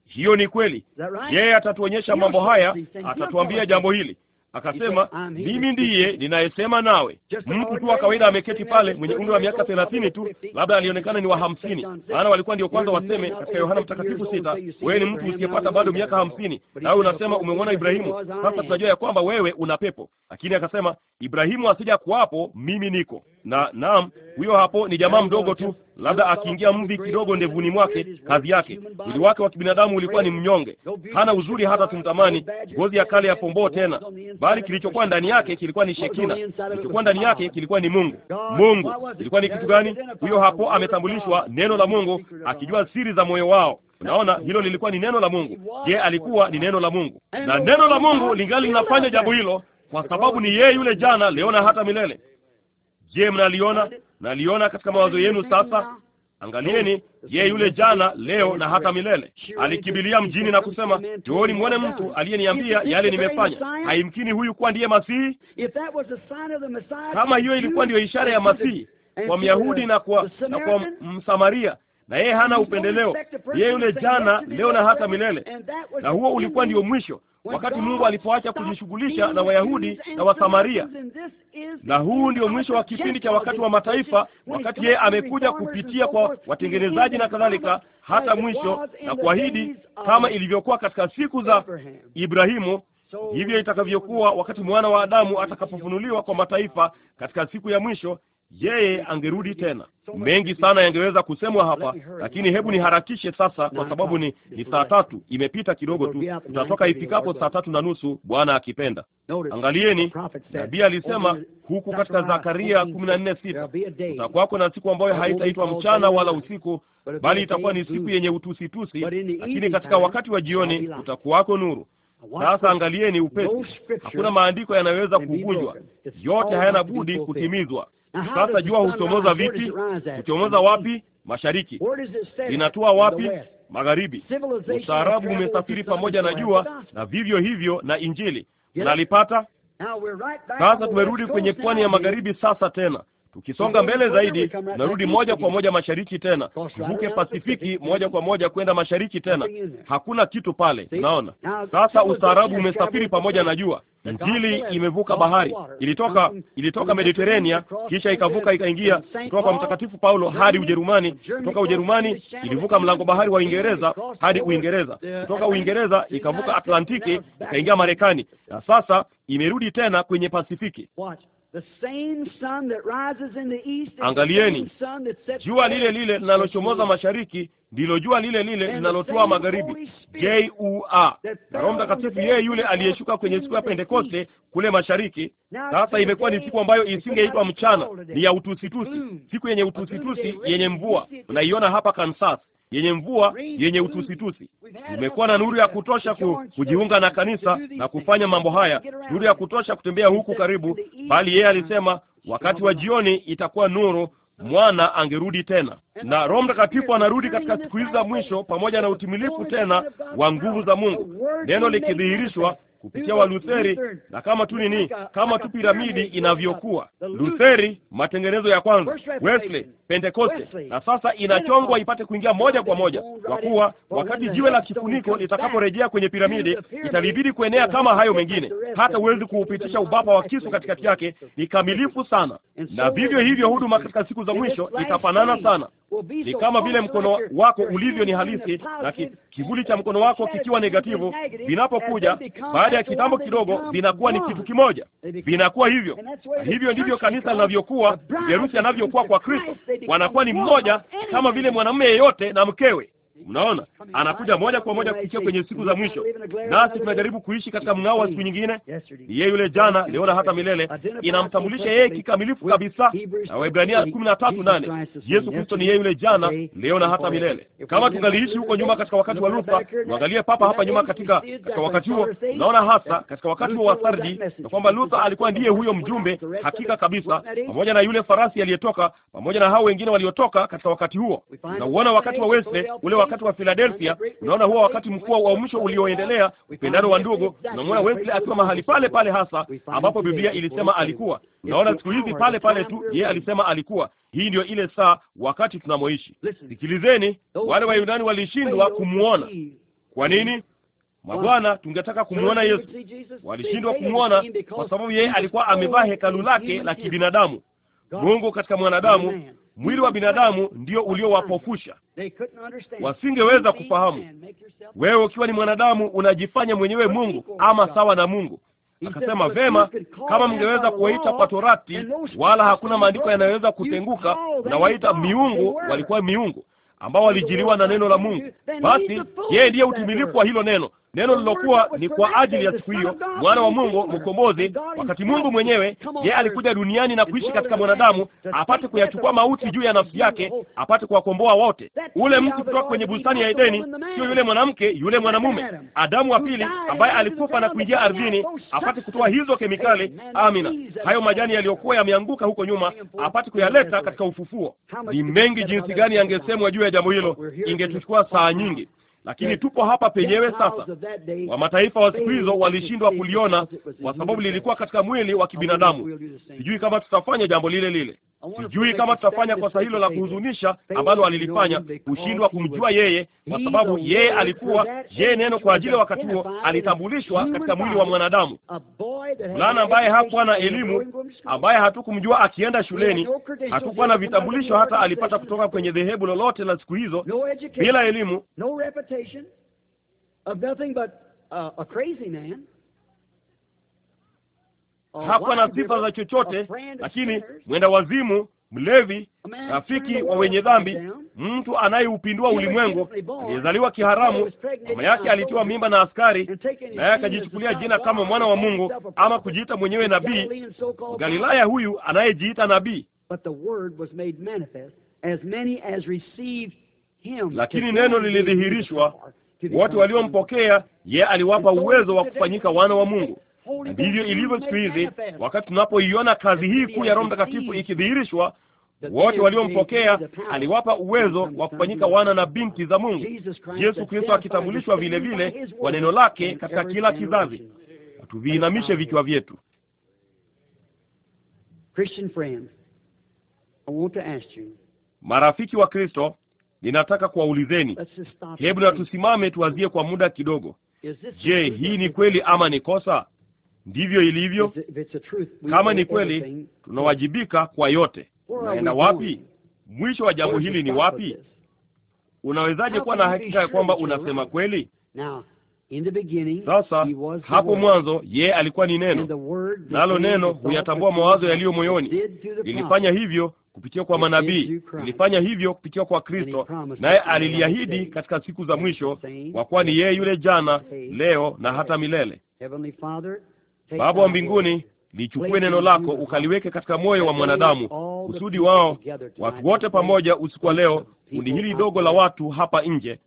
Hiyo ni kweli. Yeye atatuonyesha mambo haya, atatuambia jambo hili. Akasema, mimi ndiye ninayesema nawe. Mtu tu wa kawaida ameketi pale, mwenye umri wa miaka thelathini tu, labda alionekana ni wa hamsini, maana walikuwa ndio kwanza waseme katika Yohana Mtakatifu sita, wewe ni mtu usiyepata bado miaka hamsini, nawe unasema umemwona Ibrahimu. Sasa tunajua ya kwamba wewe una pepo. Lakini akasema, Ibrahimu asija kuwapo, mimi niko na naam, huyo hapo ni jamaa mdogo tu, labda akiingia mvi kidogo ndevuni mwake, kazi yake. Mwili wake wa kibinadamu ulikuwa ni mnyonge, hana uzuri hata tumtamani, ngozi ya kale ya pomboo tena, bali kilichokuwa ndani yake kilikuwa ni Shekina, kilichokuwa ndani yake kilikuwa ni Mungu. Mungu ilikuwa ni kitu gani? Huyo hapo ametambulishwa neno la Mungu, akijua siri za moyo wao. Unaona, hilo lilikuwa ni neno la Mungu. Je, alikuwa ni neno la Mungu? Na neno la Mungu lingali linafanya jambo hilo, kwa sababu ni yeye yule jana, leo na hata milele. Je, mnaliona? Naliona katika mawazo yenu sasa. Angalieni, ye yule jana, leo na hata milele. Alikibilia mjini na kusema, njooni mwone mtu aliyeniambia yale nimefanya. Haimkini huyu kuwa ndiye Masihi. Kama hiyo ilikuwa ndiyo ishara ya Masihi kwa Myahudi na kwa, na kwa Msamaria, na yeye hana upendeleo. Yeye yule jana, leo na hata milele. Na huo ulikuwa ndio mwisho, wakati Mungu alipoacha kujishughulisha na Wayahudi na Wasamaria, na huu ndio mwisho wa kipindi cha wakati wa mataifa, wakati yeye amekuja kupitia kwa watengenezaji na kadhalika, hata mwisho na kuahidi, kama ilivyokuwa katika siku za Ibrahimu, hivyo itakavyokuwa wakati mwana wa Adamu atakapofunuliwa kwa mataifa katika siku ya mwisho, yeye angerudi tena. Mengi sana yangeweza kusemwa hapa, lakini hebu niharakishe sasa, kwa sababu ni, ni saa tatu imepita kidogo tu. Tutatoka ifikapo saa tatu na nusu, Bwana akipenda. Angalieni, nabii alisema huku katika Zakaria kumi na nne sita utakwako na siku ambayo haitaitwa mchana wala usiku, bali itakuwa ni siku yenye utusitusi, lakini katika wakati wa jioni utakuwako nuru. Sasa angalieni upesi, hakuna maandiko yanayoweza kuvunjwa, yote hayana budi kutimizwa. Sasa jua huchomoza vipi? Huchomoza wapi? Mashariki. Inatua wapi? Magharibi. Ustaarabu umesafiri pamoja na jua, na vivyo hivyo na Injili. Unalipata? Sasa tumerudi kwenye pwani ya magharibi sasa tena Tukisonga mbele zaidi, narudi moja kwa moja mashariki tena, tuvuke Pasifiki moja kwa moja kwenda mashariki tena. Hakuna kitu pale, naona Sasa ustaarabu umesafiri pamoja na jua. Injili imevuka bahari, ilitoka ilitoka Mediterania, kisha ikavuka ikaingia kutoka kwa Mtakatifu Paulo hadi Ujerumani, kutoka Ujerumani ilivuka mlango bahari wa Uingereza hadi Uingereza, kutoka Uingereza ikavuka Atlantiki ikaingia Marekani, na sasa imerudi tena kwenye Pasifiki. Angalieni, jua lile lile linalochomoza mashariki ndilo jua lile lile linalotoa magharibi. Jua na Roho Mtakatifu, yeye yule aliyeshuka kwenye siku ya Pentekoste kule mashariki. Sasa imekuwa ni siku ambayo isingeitwa mchana, ni ya utusitusi, siku yenye utusitusi yenye mvua. Unaiona hapa Kansas, yenye mvua yenye utusitusi. imekuwa na nuru ya kutosha ku, kujiunga na kanisa na kufanya mambo haya, nuru ya kutosha kutembea huku karibu, bali yeye alisema wakati wa jioni itakuwa nuru mwana angerudi tena, na Roho Mtakatifu anarudi katika siku hizi za mwisho pamoja na utimilifu tena wa nguvu za Mungu, neno likidhihirishwa kupitia wa Lutheri na kama tu nini, kama tu piramidi inavyokuwa. Lutheri, matengenezo ya kwanza; Wesley, Pentekoste, na sasa inachongwa ipate kuingia moja kwa moja, kwa kuwa wakati jiwe la kifuniko litakaporejea kwenye piramidi italibidi kuenea kama hayo mengine, hata huwezi kuupitisha ubapa wa kisu katikati yake. Ni kamilifu sana, na vivyo hivyo huduma katika siku za mwisho itafanana sana. Ni kama vile mkono wako ulivyo ni halisi na kivuli cha mkono wako kikiwa negativu, vinapokuja baada ya kitambo kidogo vinakuwa ni kitu kimoja, vinakuwa hivyo. Na hivyo ndivyo kanisa linavyokuwa, Yerusalemu anavyokuwa kwa Kristo wanakuwa ni mmoja kama vile mwanamume yeyote na mkewe. Mnaona, anakuja moja kwa moja kufikia kwenye siku za mwisho, nasi tunajaribu kuishi katika mng'ao wa siku nyingine. Yeye yule jana, leo na hata milele, inamtambulisha yeye kikamilifu kabisa na Waebrania kumi na tatu nane Yesu Kristo ni yeye yule jana, leo na hata milele. Kama tungaliishi huko nyuma katika wakati wa Luka, tuangalie papa hapa nyuma katika katika wakati huo, naona hasa katika wakati huo wa Sardi, na kwamba Luther alikuwa ndiye huyo mjumbe hakika kabisa, pamoja na yule farasi aliyetoka, pamoja na hao wengine waliotoka katika wakati huo, na uona wakati wa Wesley ule wa wakati wa Philadelphia, unaona huo wakati mkuu wa mwisho ulioendelea, upendano wa ndugu. Unamwona Wesley akiwa mahali pale pale hasa ambapo Biblia ilisema alikuwa. Unaona siku hizi pale pale tu yeye alisema alikuwa. Hii ndio ile saa wakati tunamoishi. Sikilizeni, wale Wayunani walishindwa kumwona. Kwa nini? Mabwana, tungetaka kumwona Yesu. Walishindwa kumwona kwa sababu yeye alikuwa amevaa hekalu lake la kibinadamu, Mungu katika mwanadamu, Mwili wa binadamu ndio uliowapofusha, wasingeweza kufahamu. Wewe ukiwa ni mwanadamu unajifanya mwenyewe Mungu ama sawa na Mungu. Akasema vema, kama mngeweza kuwaita kwa torati, wala hakuna maandiko yanayoweza kutenguka, na waita miungu, walikuwa miungu ambao walijiliwa na neno la Mungu. Basi yeye ndiye utimilifu wa hilo neno, neno lilokuwa ni kwa ajili ya siku hiyo, mwana wa Mungu mkombozi. Wakati Mungu mwenyewe yeye alikuja duniani na kuishi katika mwanadamu, apate kuyachukua mauti juu ya nafsi yake, apate kuwakomboa wote. Ule mtu kutoka kwenye bustani ya Edeni, sio yule mwanamke, yule mwanamume Adamu wa pili, ambaye alikufa na kuingia ardhini, apate kutoa hizo kemikali. Amina, hayo majani yaliyokuwa yameanguka huko nyuma, apate kuyaleta katika ufufuo. Ni mengi jinsi gani yangesemwa juu ya jambo hilo, ingetuchukua saa nyingi lakini tupo hapa penyewe sasa. Wa mataifa wa siku hizo walishindwa kuliona kwa sababu lilikuwa katika mwili wa kibinadamu. Sijui kama tutafanya jambo lile lile. Sijui kama tutafanya kosa hilo la kuhuzunisha ambalo alilifanya, kushindwa kumjua yeye, kwa sababu yeye alikuwa yeye neno kwa ajili ya wakati huo, alitambulishwa katika mwili wa mwanadamu. Mvulana ambaye hakuwa na elimu, ambaye hatukumjua akienda shuleni, hatukuwa na vitambulisho hata alipata kutoka kwenye dhehebu lolote la siku hizo, bila elimu uh, Oh, hakuwa na sifa za chochote, lakini mwenda wazimu, mlevi, rafiki wa wenye dhambi, mtu anayeupindua ulimwengu, aliyezaliwa kiharamu. Mama yake alitiwa mimba na askari, naye akajichukulia jina kama mwana wa Mungu ama kujiita mwenyewe nabii. Galilaya huyu anayejiita nabii lakini neno lilidhihirishwa, wote waliompokea ye aliwapa uwezo wa kufanyika wana wa Mungu. Ndivyo ilivyo siku hizi, wakati tunapoiona kazi hii kuu ya Roho Mtakatifu ikidhihirishwa wote waliompokea aliwapa uwezo wa kufanyika wana na binti za Mungu. Yesu Kristo akitambulishwa vile vile kwa neno lake katika kila kizazi. Tuviinamishe vichwa vyetu. Marafiki wa Kristo, ninataka kuwaulizeni, hebu na tusimame tuwazie kwa muda kidogo. Je, hii ni kweli ama ni kosa? Ndivyo ilivyo. Kama ni kweli, tunawajibika kwa yote. Unaenda wapi? Mwisho wa jambo hili ni wapi? Unawezaje kuwa na hakika ya kwamba unasema kweli? Sasa hapo mwanzo, ye alikuwa ni neno, nalo neno huyatambua mawazo yaliyo moyoni. Ilifanya hivyo kupitia kwa manabii, ilifanya hivyo kupitia kwa Kristo, naye aliliahidi katika siku za mwisho, kwa kuwa ni yeye yule jana, leo na hata milele. Baba wa mbinguni, lichukue neno lako ukaliweke katika moyo wa mwanadamu, kusudi wao watu wote pamoja, usiku wa leo, kundi hili dogo la watu hapa nje,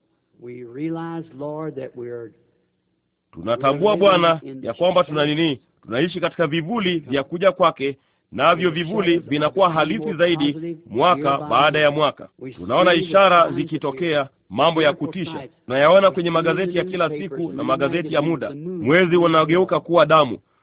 tunatambua Bwana ya kwamba tuna nini, tunaishi katika vivuli vya kuja kwake navyo vivuli vinakuwa halisi zaidi mwaka baada ya mwaka. Tunaona ishara zikitokea, mambo ya kutisha tunayaona kwenye magazeti ya kila siku na magazeti ya muda. Mwezi unageuka kuwa damu,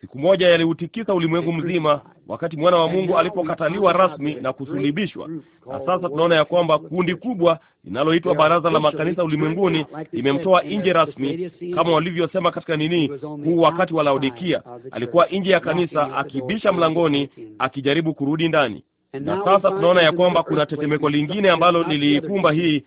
Siku moja yaliutikisa ulimwengu mzima wakati mwana wa Mungu alipokataliwa rasmi na kusulibishwa. Na sasa tunaona ya kwamba kundi kubwa linaloitwa Baraza la Makanisa Ulimwenguni limemtoa nje rasmi, kama walivyosema katika nini huu wakati wa Laodikia. Uh, alikuwa nje ya kanisa akibisha mlangoni, akijaribu kurudi ndani. Na sasa tunaona ya kwamba kuna tetemeko lingine ambalo liliikumba hii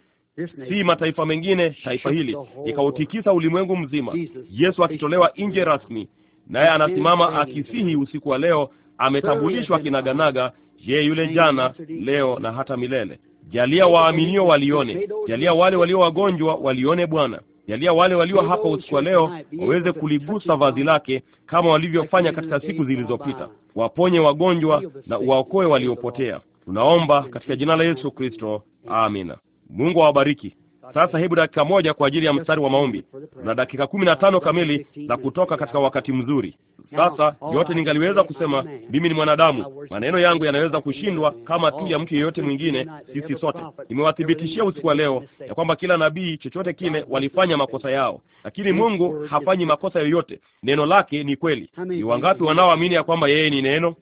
si mataifa mengine, taifa hili ikautikisa ulimwengu mzima, Yesu akitolewa nje rasmi, naye anasimama akisihi usiku wa leo. Ametambulishwa kinaganaga, je, yule jana, leo na hata milele. Jalia waaminio walione, jalia wale walio wagonjwa walione, Bwana jalia wale walio hapa usiku wa leo waweze kuligusa vazi lake kama walivyofanya katika siku zilizopita. Waponye wagonjwa na uwaokoe waliopotea. Tunaomba katika jina la Yesu Kristo, amina. Mungu awabariki. Sasa hebu dakika moja kwa ajili ya mstari wa maombi na dakika kumi na tano kamili za kutoka katika wakati mzuri. Sasa yote ningaliweza kusema, mimi ni mwanadamu, maneno yangu yanaweza kushindwa kama tu ya mtu yeyote mwingine. Sisi sote nimewathibitishia usiku wa leo ya kwamba kila nabii chochote kile walifanya makosa yao, lakini Mungu hafanyi makosa yoyote. Neno lake ni kweli. Ni wangapi wanaoamini ya kwamba yeye ni neno?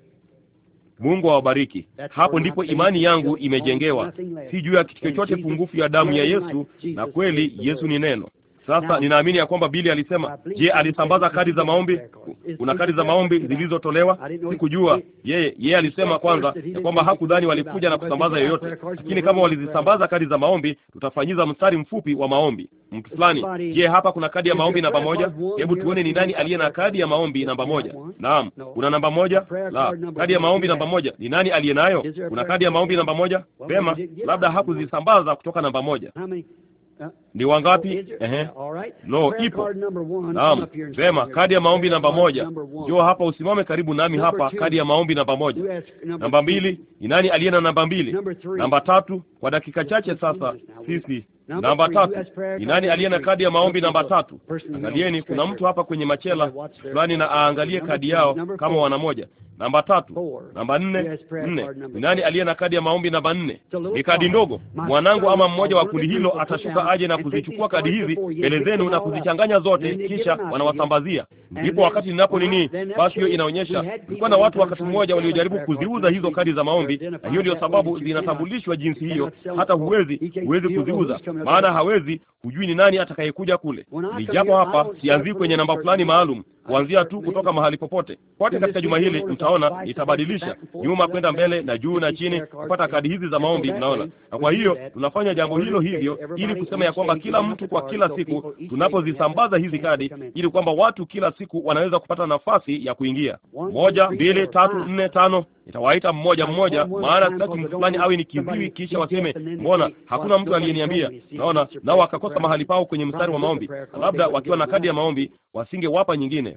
Mungu awabariki. Hapo ndipo imani yangu imejengewa, si juu ya kitu chochote pungufu ya damu ya Yesu, na kweli Yesu ni neno. Sasa ninaamini ya kwamba Bili alisema, je, alisambaza kadi za maombi? Kuna kadi za maombi zilizotolewa? Sikujua yeye. Yeye alisema kwanza ya kwamba hakudhani walikuja na kusambaza yoyote, lakini kama walizisambaza kadi za maombi, tutafanyiza mstari mfupi wa maombi. Mtu fulani, je, hapa kuna kadi ya maombi namba moja? Hebu tuone ni nani aliye na kadi ya maombi namba moja. Naam, kuna namba moja. La, kadi ya maombi namba moja ni nani aliye nayo? Kuna kadi ya maombi namba moja? Pema, labda hakuzisambaza kutoka namba moja ni wangapi? Oh, Ehe, no, ipo. Naam, vema. Kadi ya maombi namba moja, njoo hapa usimame karibu nami hapa. Kadi ya maombi namba moja. Namba mbili, ni nani aliye na namba mbili? Namba tatu kwa dakika chache sasa sisi namba tatu. Ni nani aliye na kadi ya maombi namba tatu? Angalieni, kuna mtu hapa kwenye machela fulani, na aangalie kadi yao kama wana moja. Namba tatu, namba nne, nne. Ni nani aliye na kadi ya maombi namba nne? Ni kadi ndogo. Mwanangu ama mmoja wa kundi hilo atashuka aje na kuzichukua kadi hizi mbele zenu na kuzichanganya zote, kisha wanawasambazia. Ndipo wakati ninapo nini, basi hiyo inaonyesha kulikuwa na watu wakati mmoja waliojaribu kuziuza hizo kadi za maombi, na hiyo ndio sababu zinatambulishwa jinsi hiyo hata huwezi huwezi kuziuza, maana hawezi, hujui ni nani atakayekuja kule. Nijapo hapa sianzii kwenye namba fulani maalum, kuanzia tu kutoka mahali popote kote. Katika juma hili mtaona itabadilisha nyuma kwenda mbele na juu na chini kupata kadi hizi za maombi, mnaona. Na kwa hiyo tunafanya jambo hilo hivyo ili kusema ya kwamba kila mtu kwa kila siku tunapozisambaza hizi kadi, ili kwamba watu kila siku wanaweza kupata nafasi ya kuingia. Moja, mbili, tatu, nne, tano Nitawaita mmoja mmoja, maana sitaki mtu fulani awe ni kiziwi, kisha waseme mbona hakuna mtu aliyeniambia. Naona nao wakakosa mahali pao kwenye mstari wa maombi, labda wakiwa na kadi ya maombi wasingewapa nyingine.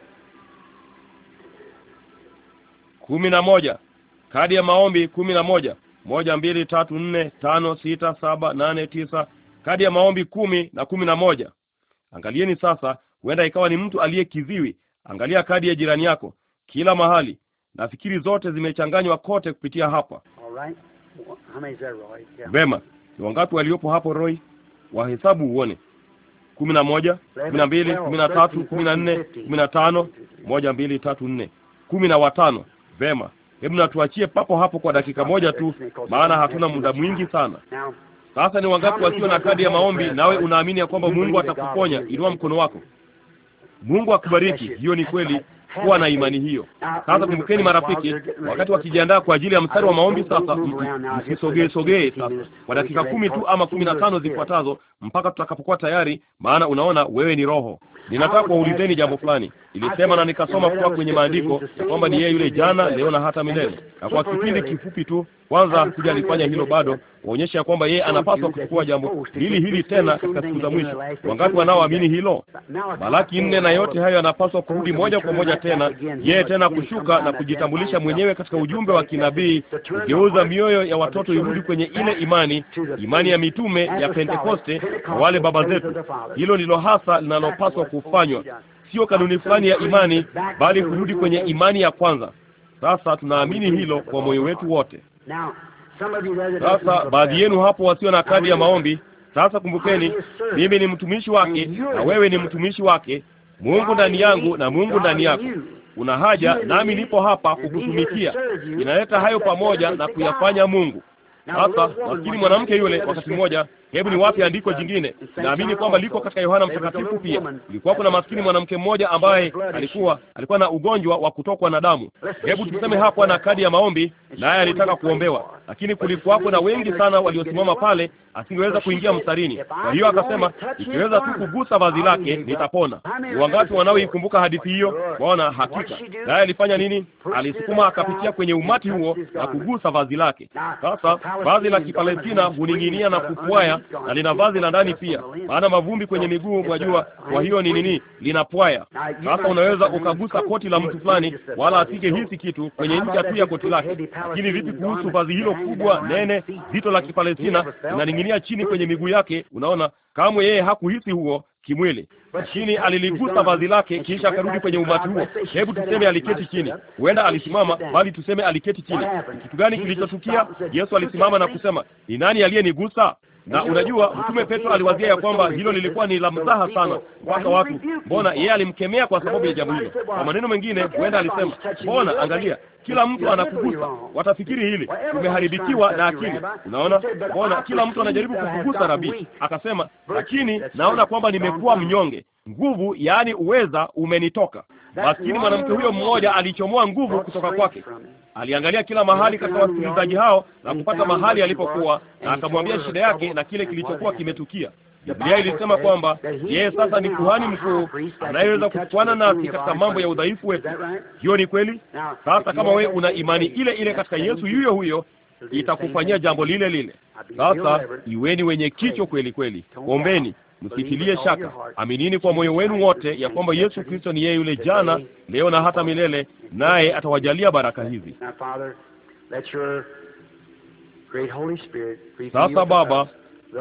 kumi na moja kadi ya maombi kumi na moja moja mbili tatu nne tano sita saba nane tisa kadi ya maombi kumi na kumi na moja angalieni sasa huenda ikawa ni mtu kiziwi angalia kadi ya jirani yako kila mahali nafikiri zote zimechanganywa kote kupitia hapa vema ni wangapi waliopo hapo Roy wahesabu uone kumi na moja kumi na mbili kumi na tatu kumi na nne kumi na tano moja mbili tatu nne kumi na watano Vema, hebu natuachie papo hapo kwa dakika moja tu, maana hatuna muda mwingi sana. Sasa ni wangapi wasio na kadi ya maombi? Nawe unaamini ya kwamba Mungu atakuponya? Inua mkono wako. Mungu akubariki. Hiyo ni kweli, kuwa na imani hiyo. Sasa kumbukeni, marafiki, wakati wakijiandaa kwa ajili ya mstari wa maombi, sasa msisogee sogee. Sasa kwa dakika kumi tu ama kumi na tano zifuatazo, mpaka tutakapokuwa tayari, maana unaona, wewe ni roho. Ninataka kuwaulizeni jambo fulani. Ilisema na nikasoma kutoka kwenye maandiko kwamba ni yeye yule jana, leo na hata milele, na kwa kipindi kifupi tu kwanza kuja alifanya hilo, bado waonyesha ya kwamba yeye anapaswa kuchukua jambo hili hili tena katika siku za mwisho. Wangapi wanaoamini hilo? Malaki nne na yote hayo yanapaswa kurudi moja kwa moja tena, yeye tena kushuka na kujitambulisha mwenyewe katika ujumbe wa kinabii, kugeuza mioyo ya watoto irudi kwenye ile imani, imani ya mitume ya Pentekoste wale baba zetu. Hilo ndilo hasa linalopaswa kufanywa, sio kanuni fulani ya imani, bali kurudi kwenye imani ya kwanza. Sasa tunaamini hilo kwa moyo wetu wote. Sasa baadhi yenu hapo wasio na kadi ya maombi, sasa kumbukeni, mimi ni mtumishi wake na wewe ni mtumishi wake, Mungu ndani yangu na Mungu ndani yako. Una haja nami nipo hapa kukutumikia. Inaleta hayo pamoja na kuyafanya Mungu. Sasa lakini mwanamke yule wakati mmoja Hebu ni wapi andiko jingine, naamini kwamba liko katika Yohana Mtakatifu pia. Ilikuwa kuna maskini mwanamke mmoja ambaye alikuwa alikuwa na ugonjwa wa kutokwa na damu. Hebu tuseme hakuwa na kadi ya maombi, naye alitaka kuombewa, lakini kulikuwa na wengi sana waliosimama pale, asingeweza kuingia mstarini. Kwa hiyo akasema, ikiweza tu kugusa vazi lake nitapona. Wangapi wanaoikumbuka hadithi hiyo? Waona hakika. Naye alifanya nini? Alisukuma akapitia kwenye umati huo na kugusa vazi lake. Sasa vazi la Kipalestina huning'inia na kufuaya na lina vazi la ndani pia, maana mavumbi kwenye miguu mwa jua. Kwa hiyo ni nini? Lina pwaya. Sasa unaweza ukagusa koti la mtu fulani, wala asingehisi kitu kwenye ncha tu ya koti lake. Lakini vipi kuhusu vazi hilo kubwa, nene, zito la Kipalestina, linaning'inia chini kwenye miguu yake? Unaona, kamwe yeye hakuhisi huo kimwili chini. Aliligusa vazi lake, kisha akarudi kwenye umati huo. Hebu tuseme aliketi chini, huenda alisimama, bali tuseme aliketi chini. Kitu gani kilichotukia? Yesu alisimama na kusema, ni nani aliyenigusa? Na unajua mtume Petro aliwazia ya kwamba hilo lilikuwa ni la mzaha sana mpaka watu, mbona yeye alimkemea kwa sababu ya jambo hilo. Kwa maneno mengine, huenda alisema, mbona angalia kila mtu anakugusa, watafikiri hili umeharibikiwa na akili. Unaona, mbona kila mtu anajaribu kukugusa rabii? Akasema, lakini naona kwamba nimekuwa mnyonge, nguvu yaani uweza umenitoka. Maskini mwanamke huyo mmoja alichomoa nguvu kutoka kwake. Aliangalia kila mahali katika wasikilizaji hao na kupata mahali alipokuwa, na akamwambia shida yake na kile kilichokuwa kimetukia. Biblia ilisema kwamba yeye sasa ni kuhani mkuu anayeweza kufuana nasi katika mambo ya udhaifu wetu. Hiyo ni kweli. Sasa kama wewe una imani ile ile katika Yesu yuyo huyo, itakufanyia jambo lile lile. Sasa iweni wenye kicho kweli kweli, ombeni msitilie shaka. Aminini kwa moyo wenu wote ya kwamba Yesu Kristo ni yeye yule jana, leo na hata milele, naye atawajalia baraka hizi. Sasa Baba,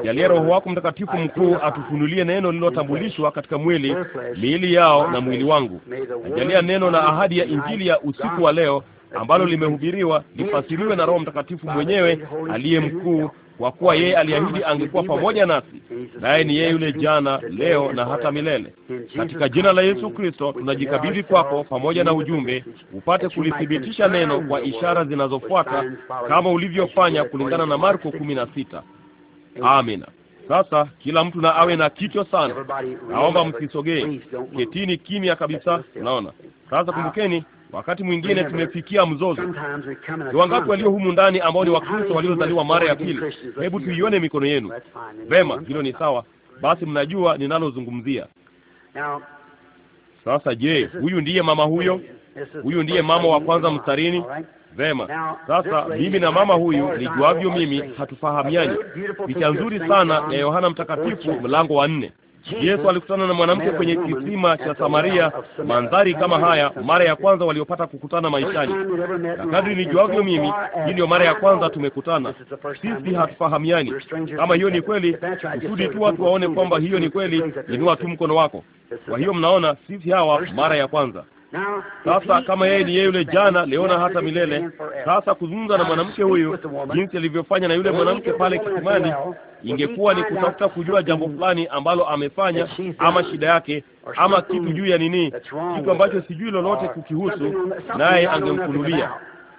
jalia Roho wako Mtakatifu mkuu atufunulie neno lililotambulishwa katika mwili miili yao na mwili wangu. Jalia neno na ahadi ya Injili ya usiku wa leo ambalo limehubiriwa lifasiriwe na Roho Mtakatifu mwenyewe aliye mkuu kwa kuwa yeye aliahidi angekuwa pamoja nasi, naye ni yeye yule jana, leo na hata milele. Katika jina la Yesu Kristo tunajikabidhi kwako pamoja na ujumbe, upate kulithibitisha neno kwa ishara zinazofuata kama ulivyofanya kulingana na Marko kumi na sita. Amina. Sasa kila mtu na awe na kichwa sana. Naomba msisogee, ketini kimya kabisa. naona sasa, ah. kumbukeni Wakati mwingine tumefikia mzozo. Ni wangapi walio humu ndani ambao ni Wakristo waliozaliwa mara ya pili? Hebu tuione mikono yenu. Vema, hilo ni sawa. Basi mnajua ninalozungumzia. Sasa je, huyu ndiye mama huyo? Huyu ndiye mama wa kwanza mstarini. Vema, sasa mimi na mama huyu nijuavyo mimi hatufahamiani. Picha nzuri sana ya eh, Yohana Mtakatifu mlango wa nne. Yesu alikutana na mwanamke kwenye kisima cha Samaria, mandhari kama haya mara ya kwanza waliopata kukutana maishani. Na kadri nijuavyo mimi, hii ndiyo mara ya kwanza tumekutana, sisi hatufahamiani. Kama hiyo ni kweli, kusudi tu watu waone kwamba hiyo ni kweli, inua tu mkono wako. Kwa hiyo mnaona, sisi hawa mara ya kwanza sasa kama yeye ni yeye yule jana, leo na hata milele. Sasa kuzungumza na mwanamke huyu, jinsi alivyofanya na yule mwanamke pale kisimani, ingekuwa ni kutafuta kujua jambo fulani ambalo amefanya ama shida yake ama kitu juu ya nini, kitu ambacho sijui lolote kukihusu, naye angemfunulia,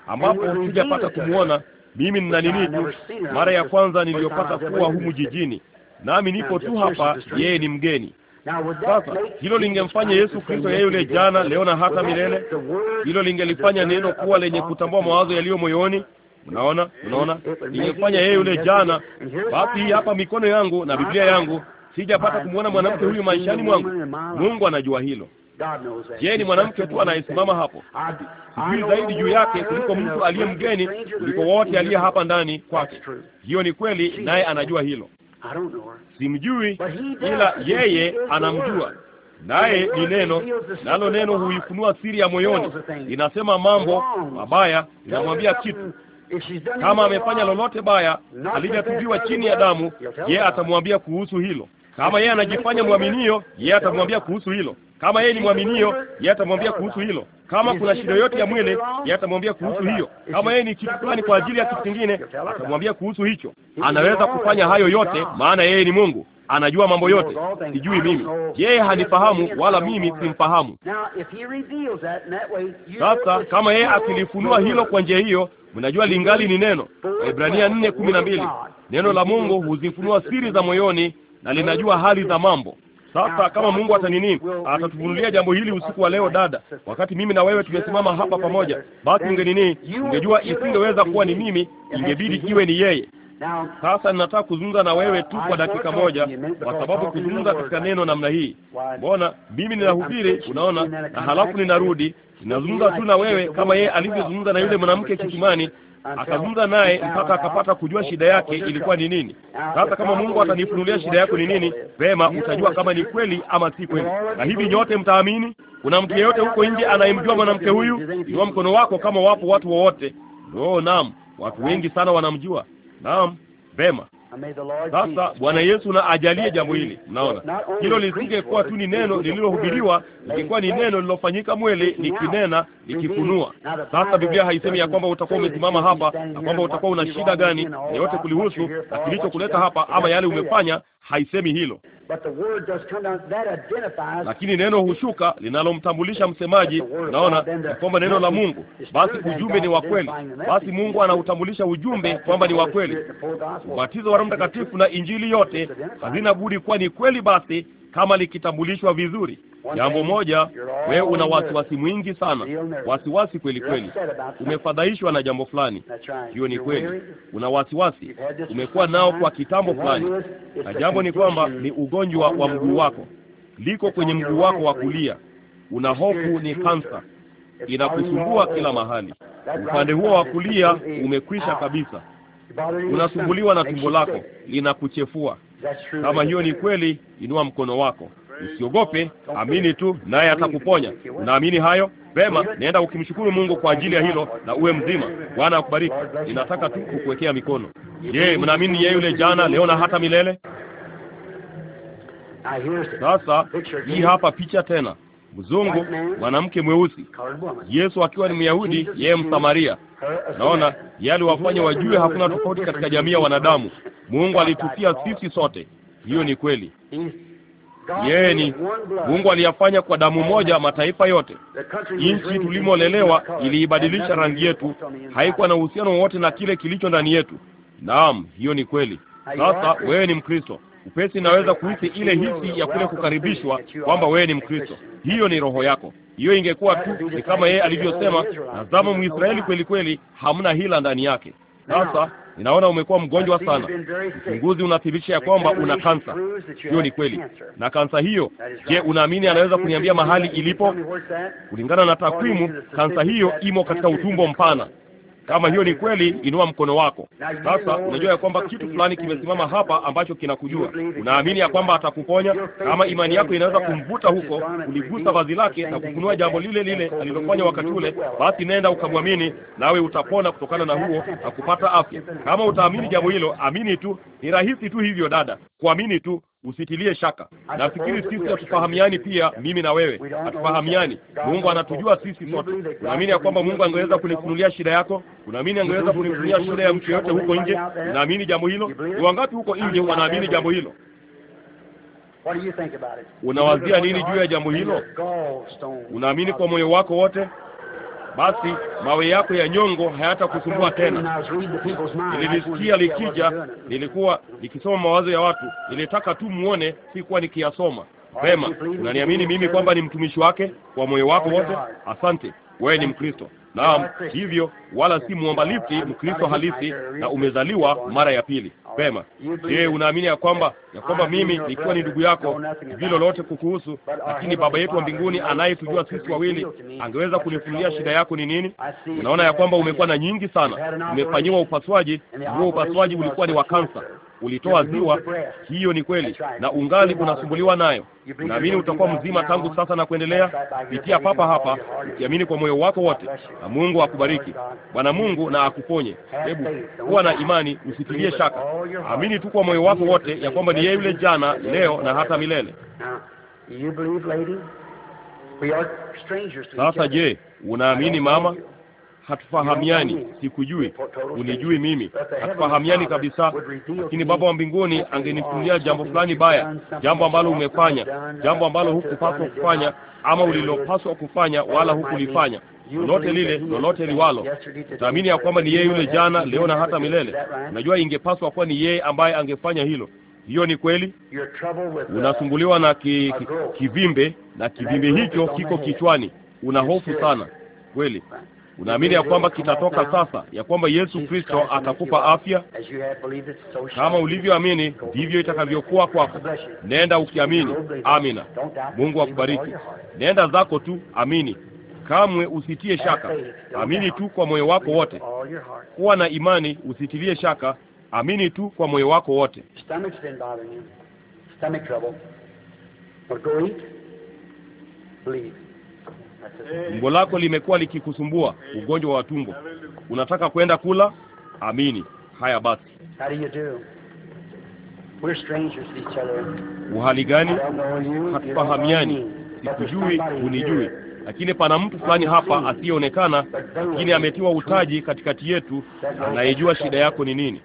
ambapo sijapata kumwona mimi. Nina nini tu, mara ya kwanza niliyopata kuwa humu jijini, nami nipo tu hapa, yeye ni mgeni. Sasa hilo lingemfanya Yesu Kristo yeye yule jana, leo na hata milele. Hilo lingelifanya neno kuwa lenye kutambua mawazo yaliyo moyoni Mnaona, mnaona, eh, eh, eh, nimefanya yeye yule jana. Wapi? Hapa mikono yangu na Biblia yangu. Sijapata kumwona mwanamke huyu maishani mwangu. Mungu anajua hilo. Je, ni mwanamke tu anayesimama hapo? Sijui zaidi juu yake kuliko mtu aliye mgeni, kuliko wote aliye hapa ndani kwake. Hiyo ni kweli, naye anajua hilo. Simjui, ila yeye anamjua naye ni neno, nalo neno huifunua siri ya moyoni. Inasema mambo mabaya, inamwambia kitu kama amefanya lolote baya alijatubiwa chini ya damu, yeye atamwambia kuhusu hilo. Kama yeye anajifanya mwaminio, yeye atamwambia kuhusu hilo. Kama yeye ni mwaminio, yeye atamwambia kuhusu hilo. Kama kuna shida yote ya mwili, yeye atamwambia kuhusu hiyo. Kama yeye ni kitu fulani kwa ajili ya kitu kingine, atamwambia kuhusu hicho. Anaweza kufanya hayo yote, maana yeye ni Mungu anajua mambo yote, sijui mimi. Yeye hanifahamu wala mimi simfahamu. Sasa kama yeye akilifunua hilo kwa njia hiyo, Mnajua lingali ni neno. ibrania nne kumi na mbili, neno la Mungu huzifunua siri za moyoni na linajua hali za mambo. Sasa kama Mungu atanini, atatufunulia jambo hili usiku wa leo, dada, wakati mimi na wewe tumesimama hapa pamoja, basi ungenini, ungejua isingeweza kuwa ni mimi, ingebidi iwe ni yeye. Sasa ninataka kuzungumza na wewe tu kwa dakika moja, kwa sababu kuzungumza katika neno namna hii, mbona mimi ninahubiri, unaona, na halafu ninarudi Ninazungumza tu na wewe kama yeye alivyozungumza na yule mwanamke kitumani, akazungumza naye mpaka akapata kujua shida yake ilikuwa ni nini. Sasa kama Mungu atanifunulia shida yako ni nini, vema, utajua kama ni kweli ama si kweli. Na hivi nyote mtaamini. Kuna mtu yeyote huko nje anayemjua mwanamke huyu? Inua mkono wako kama wapo watu wowote. Oh, naam, watu wengi sana wanamjua. Naam, vema. Sasa Bwana Yesu na ajalie jambo hili. Mnaona hilo lisingekuwa tu ni neno lililohubiriwa, lingekuwa ni neno lilofanyika mwili, likinena likifunua. Sasa Biblia haisemi ya kwamba utakuwa umesimama hapa na kwamba utakuwa una shida gani yote kulihusu na kilichokuleta hapa ama yale umefanya haisemi hilo, lakini neno hushuka linalomtambulisha msemaji. Naona kwamba neno la Mungu, basi ujumbe ni wa kweli. Basi Mungu anautambulisha ujumbe kwamba ni wa kweli. Ubatizo wa Roho Mtakatifu na Injili yote hazina budi kuwa ni kweli, basi kama likitambulishwa vizuri. Jambo moja, wewe una wasiwasi mwingi sana, wasiwasi kweli kweli, umefadhaishwa na jambo fulani. Hiyo ni kweli, una wasiwasi, umekuwa nao kwa kitambo fulani, na jambo ni kwamba ni ugonjwa wa mguu wako, liko kwenye mguu wako wa kulia. Una hofu, ni kansa, inakusumbua kila mahali. Upande huo wa kulia umekwisha ah. kabisa. Unasumbuliwa na tumbo lako linakuchefua kama hiyo ni kweli, inua mkono wako, usiogope, amini tu, naye atakuponya. Unaamini hayo? Vema, naenda ukimshukuru Mungu kwa ajili ya hilo, na uwe mzima. Bwana akubariki. Ninataka tu kukuwekea mikono. Je, mnaamini yeye yule jana, leo na hata milele? Sasa hii hapa picha tena mzungu, mwanamke mweusi, Yesu akiwa ni Myahudi, yeye Msamaria. Naona yale aliwafanya wajue hakuna tofauti katika jamii ya wanadamu. Mungu alitufia sisi sote, hiyo ni kweli. Yeye ni Mungu aliyafanya kwa damu moja mataifa yote. Nchi tulimolelewa iliibadilisha rangi yetu, haikuwa na uhusiano wowote na kile kilicho ndani yetu. Naam, hiyo ni kweli. Sasa wewe ni Mkristo upesi inaweza kuhisi ile hisi ya kule kukaribishwa kwamba wewe ni Mkristo. Hiyo ni roho yako. Hiyo ingekuwa tu ni kama yeye alivyosema, nazama Mwisraeli kweli kweli, hamna hila ndani yake. Sasa ninaona umekuwa mgonjwa sana, uchunguzi unathibitisha ya kwamba una kansa. Hiyo ni kweli, na kansa hiyo, je, unaamini anaweza kuniambia mahali ilipo? Kulingana na takwimu, kansa hiyo imo katika utumbo mpana kama hiyo ni kweli, inua mkono wako sasa. Unajua ya kwamba kitu fulani kimesimama hapa ambacho kinakujua. Unaamini ya kwamba atakuponya. Kama imani yako inaweza kumvuta huko, uligusa vazi lake na kufunua jambo lile lile alilofanya wakati ule, basi nenda ukamwamini, nawe utapona kutokana na huo na kupata afya. Kama utaamini jambo hilo, amini tu. Ni rahisi tu hivyo, dada, kuamini tu usitilie shaka. Nafikiri sisi hatufahamiani pia, mimi na wewe hatufahamiani. Mungu anatujua sisi sote. Unaamini ya kwamba Mungu angeweza kunifunulia shida yako? Unaamini angeweza kunifunulia shida ya mtu yoyote huko nje? Unaamini jambo hilo? Ni wangapi huko nje wanaamini jambo hilo? Unawazia nini juu ya jambo hilo? Unaamini kwa moyo wako wote? basi mawe yako ya nyongo hayatakusumbua tena. Nililisikia likija, nilikuwa nikisoma mawazo ya watu, nilitaka tu muone, sikuwa nikiyasoma pema unaniamini mimi kwamba ni mtumishi wake kwa moyo wako wote? Asante, wewe ni Mkristo. Naam, hivyo wala si muomba lifti, Mkristo halisi na umezaliwa mara ya pili. Pema. Je, unaamini ya kwamba ya kwamba mimi nikiwa ni ndugu yako sijui lolote kukuhusu, lakini baba yetu wa mbinguni anayetujua sisi wawili angeweza kunifunulia shida yako ni nini? Unaona ya kwamba umekuwa na nyingi sana, umefanyiwa upasuaji, huo upasuaji ulikuwa ni wa kansa, ulitoa ziwa, hiyo ni kweli, na ungali unasumbuliwa nayo. Naamini utakuwa mzima tangu sasa na kuendelea, pitia papa hapa ukiamini kwa moyo wako wote, na Mungu akubariki. Bwana Mungu na akuponye. Hebu kuwa na imani, usitilie shaka, amini tu kwa moyo wako wote ya kwamba ni yeye yule jana, leo na hata milele. Sasa je, unaamini mama? hatufahamiani, sikujui, unijui mimi, hatufahamiani kabisa. Lakini Baba wa mbinguni angenifunulia jambo fulani baya, jambo ambalo umefanya, jambo ambalo hukupaswa kufanya, ama ulilopaswa kufanya wala hukulifanya lolote lile, lolote liwalo. Utaamini ya kwamba ni yeye yule jana, leo na hata milele. Unajua, ingepaswa kuwa ni yeye ambaye angefanya hilo. Hiyo ni kweli. Unasumbuliwa na ki, ki, kivimbe, na kivimbe hicho kiko kichwani. Una hofu sana kweli, Unaamini ya kwamba kitatoka sasa, ya kwamba Yesu Kristo atakupa afya? Kama ulivyoamini ndivyo itakavyokuwa kwako. Nenda ukiamini. Amina. Mungu akubariki. Nenda zako tu, amini. Kamwe usitie shaka, amini tu kwa moyo wako wote. Kuwa na imani, usitilie shaka, amini tu kwa moyo wako wote. Tumbo lako limekuwa likikusumbua, ugonjwa wa tumbo. Unataka kwenda kula? Amini. Haya basi, uhali gani? Hatufahamiani, sikujui, hunijui, lakini pana mtu fulani hapa asiyeonekana, lakini ametiwa utaji katikati yetu, anayejua shida yako ni nini.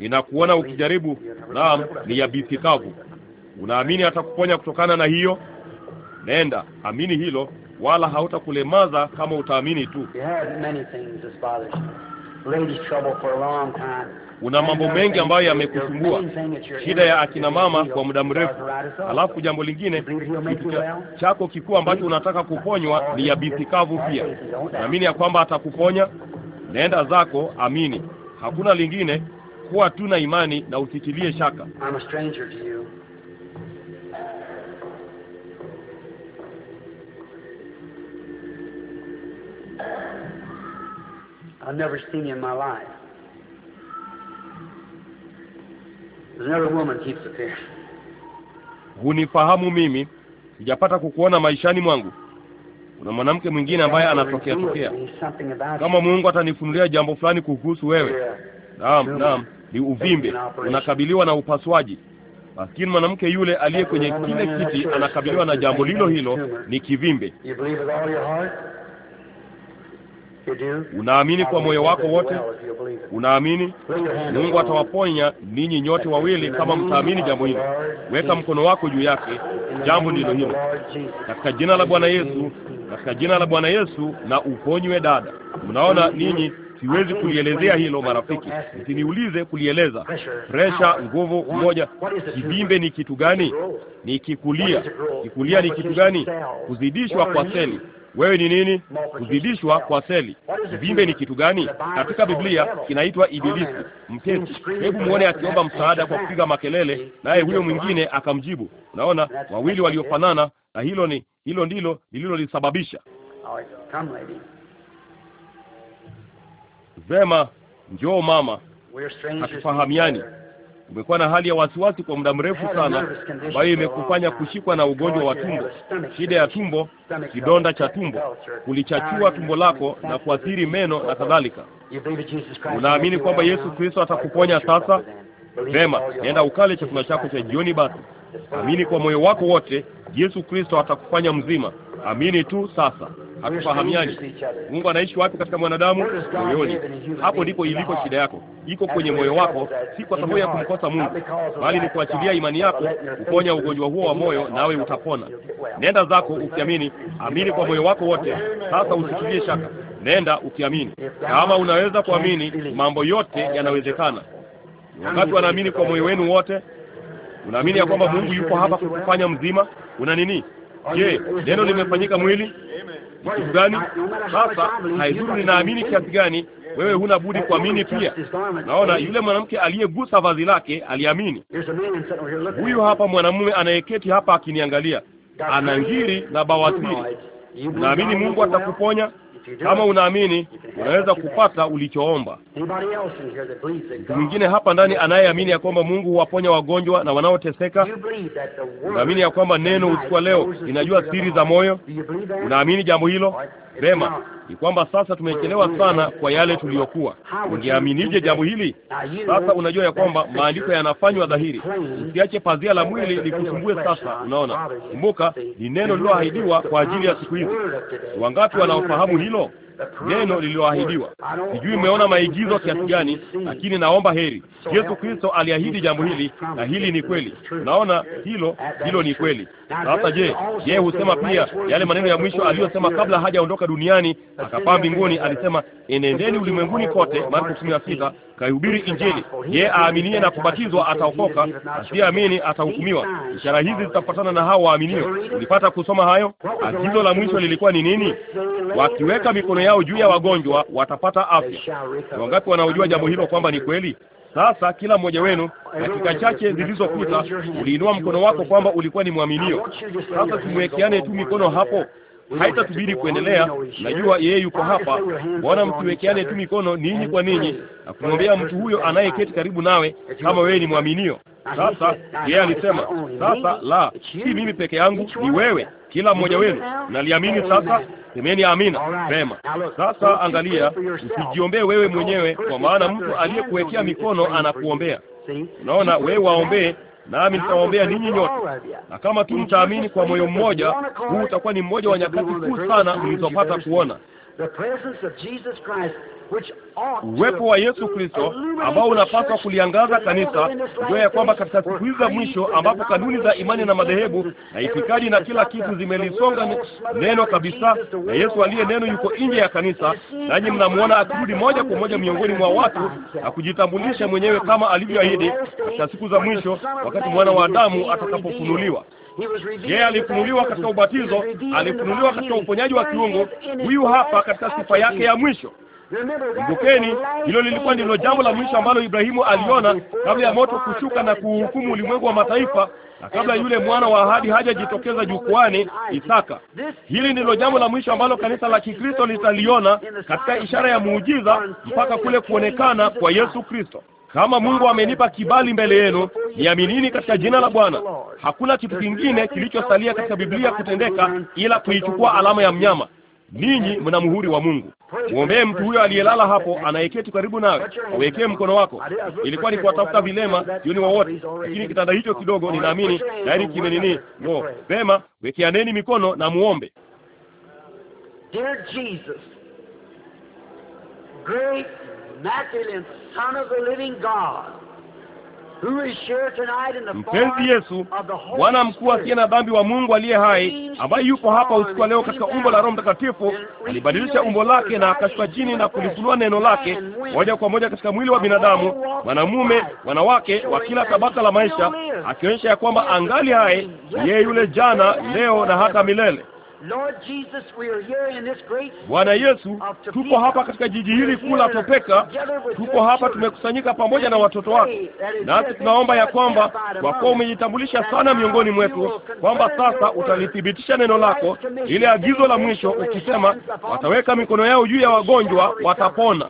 Ninakuona ukijaribu. Naam, ni yabisi kavu. Unaamini atakuponya kutokana na hiyo? Nenda amini hilo, wala hautakulemaza kama utaamini tu. Una mambo mengi ambayo yamekusumbua, shida ya akina mama kwa muda mrefu. Alafu jambo lingine, kitu chako kikuu ambacho unataka kuponywa ni yabithikavu pia. Naamini ya kwamba atakuponya. Nenda zako, amini. Hakuna lingine, kuwa tu na imani na usitilie shaka. I've never seen you in my life. Another woman keeps appearing. Hunifahamu mimi, sijapata kukuona maishani mwangu. Kuna mwanamke mwingine ambaye anatokea tokea. Kama Mungu atanifunulia jambo fulani kuhusu wewe. Naam, naam, ni uvimbe, unakabiliwa na upasuaji. Lakini mwanamke yule aliye kwenye kile kiti anakabiliwa na jambo lilo hilo, ni kivimbe. Unaamini kwa moyo wako wote? Unaamini? Mungu atawaponya ninyi nyote wawili kama mtaamini jambo hilo. Weka mkono wako juu yake, jambo ndilo hilo. Katika jina la Bwana Yesu, katika jina la Bwana Yesu, na uponywe dada. Mnaona ninyi Siwezi kulielezea hilo marafiki, msiniulize kulieleza. Presha, nguvu, mmoja. Kivimbe ni kitu gani? Ni kikulia. Kikulia ni kitu gani? Kuzidishwa kwa seli. Wewe ni nini? Kuzidishwa kwa seli. Uvimbe ni kitu gani? Katika Biblia kinaitwa ibilisi, mtesi. Hebu muone akiomba msaada kwa kupiga makelele, naye huyo mwingine akamjibu. Unaona, wawili waliofanana, na hilo ni hilo ndilo lililolisababisha. Vema, njoo mama, hatufahamiani Umekuwa na hali ya wasiwasi kwa muda mrefu sana, ambayo imekufanya kushikwa na ugonjwa wa tumbo, shida ya tumbo, kidonda cha tumbo, kulichachua tumbo lako na kuathiri meno na kadhalika. Unaamini kwamba Yesu Kristo atakuponya sasa? Vema, nenda ukale chakula chako cha jioni basi. Amini kwa moyo wako wote, Yesu Kristo atakufanya mzima. Amini tu sasa hatufahamiani. Mungu anaishi wapi katika mwanadamu? Moyoni. Hapo ndipo iliko shida yako, iko kwenye moyo wako, si kwa sababu ya kumkosa Mungu, bali ni kuachilia imani yako kuponya ugonjwa huo wa moyo, nawe utapona. Nenda zako ukiamini, amini kwa moyo wako wote. Sasa usitilie shaka, nenda ukiamini. Kama unaweza kuamini, mambo yote yanawezekana. Wakati wanaamini kwa moyo wenu wote, unaamini ya kwamba Mungu yuko hapa kukufanya mzima, una nini? Je, neno limefanyika mwili? kitu gani? Sasa haidhuru ninaamini kiasi gani, wewe huna budi kuamini pia. Naona yule mwanamke aliyegusa vazi lake aliamini. Huyu hapa mwanamume anayeketi hapa akiniangalia ana ngiri na bawasiri. Naamini Mungu atakuponya kama unaamini unaweza kupata ulichoomba. Mtu mwingine hapa ndani anayeamini ya kwamba Mungu huwaponya wagonjwa na wanaoteseka, unaamini ya kwamba neno usiku wa leo inajua siri za moyo. Unaamini jambo hilo? Vema, ni kwamba sasa tumechelewa sana kwa yale tuliyokuwa. Ungeaminije jambo hili? Sasa unajua ya kwamba maandiko yanafanywa dhahiri. Usiache pazia la mwili likusumbue. Sasa unaona, kumbuka, ni neno lililoahidiwa kwa ajili ya siku hizi. Wangapi wanaofahamu hilo? neno lililoahidiwa. Sijui mmeona maigizo kiasi gani, lakini naomba heri. Yesu Kristo aliahidi jambo hili, na hili ni kweli. Unaona, hilo hilo ni kweli. Sasa je, yeye husema pia yale maneno ya mwisho aliyosema kabla hajaondoka duniani akapaa mbinguni? Alisema, enendeni ulimwenguni kote, Marko kumi na sita kaihubiri Injili. Yeye aaminie na kubatizwa ataokoka, asiyeamini atahukumiwa. Ishara hizi zitafuatana na hao waaminio. Ulipata kusoma hayo? Agizo la mwisho lilikuwa ni nini? Wakiweka mikono yao juu ya wagonjwa watapata afya. Ni wangapi wanaojua jambo hilo kwamba ni kweli? Sasa kila mmoja wenu, dakika chache zilizopita, uliinua mkono wako kwamba ulikuwa ni mwaminio. Sasa tumwekeane tu mikono hapo haitatubidi kuendelea. Najua yeye yuko hapa. Bwana, msiwekeane tu mikono ninyi kwa ninyi na kumwombea mtu huyo anayeketi karibu nawe, kama wewe ni mwaminio. Sasa yeye alisema, sasa la, si mimi peke yangu, ni wewe, kila mmoja wenu. Naliamini sasa. Semeni amina. Vema, sasa angalia, usijiombee wewe mwenyewe, kwa maana mtu aliyekuwekea mikono anakuombea. Unaona, wewe waombee nami nitawaombea ninyi nyote, na kama tu mtaamini kwa moyo mmoja, huu utakuwa ni mmoja wa nyakati kuu sana mlizopata kuona uwepo wa Yesu Kristo ambao unapaswa kuliangaza kanisa, ndio ya kwamba katika siku hizi za mwisho ambapo kanuni za imani na madhehebu na itikadi na kila kitu zimelisonga neno kabisa, na Yesu aliye neno yuko nje ya kanisa, nanyi mnamwona akirudi moja kwa moja miongoni mwa watu na kujitambulisha mwenyewe kama alivyoahidi katika siku za mwisho, wakati mwana wa Adamu atakapofunuliwa. Yeye alifunuliwa katika ubatizo, alifunuliwa katika uponyaji wa kiungu. Huyu hapa katika sifa yake ya mwisho. Kumbukeni, hilo lilikuwa ndilo jambo la mwisho ambalo Ibrahimu aliona kabla ya moto kushuka na kuuhukumu ulimwengu wa mataifa na kabla yule mwana wa ahadi hajajitokeza jukwani, Isaka. Hili ndilo jambo la mwisho ambalo kanisa la Kikristo litaliona katika ishara ya muujiza mpaka kule kuonekana kwa Yesu Kristo. Kama Mungu amenipa kibali mbele yenu, niaminini katika jina la Bwana. Hakuna kitu kingine kilichosalia katika Biblia kutendeka ila kuichukua alama ya mnyama ninyi mna muhuri wa Mungu. Muombee mtu huyo aliyelala hapo, anayeketi karibu nawe, awekee mkono wako. Ilikuwa ni kuwatafuta vilema jioni wowote, lakini kitanda hicho kidogo, ninaamini tayari kimenini. No, vema, wekeaneni mikono na muombe. Great, immaculate Son of the living God. Mpenzi Yesu, Bwana mkuu asiye na dhambi wa Mungu aliye hai, ambaye yupo hapa usiku wa leo katika umbo la Roho Mtakatifu, alibadilisha umbo lake na akashuka chini na kulifunua neno lake moja kwa moja katika mwili wa binadamu, mwanamume, wanawake wa kila tabaka la maisha, akionyesha ya kwamba angali hai, yeye yule jana, leo na hata milele. Bwana Yesu, tupo hapa katika jiji hili kuu la Topeka, tupo hapa tumekusanyika pamoja na watoto wako, nasi tunaomba ya kwamba kwa kuwa umejitambulisha sana miongoni mwetu, kwamba sasa utalithibitisha neno lako, ile agizo la mwisho ukisema, wataweka mikono yao juu ya wagonjwa watapona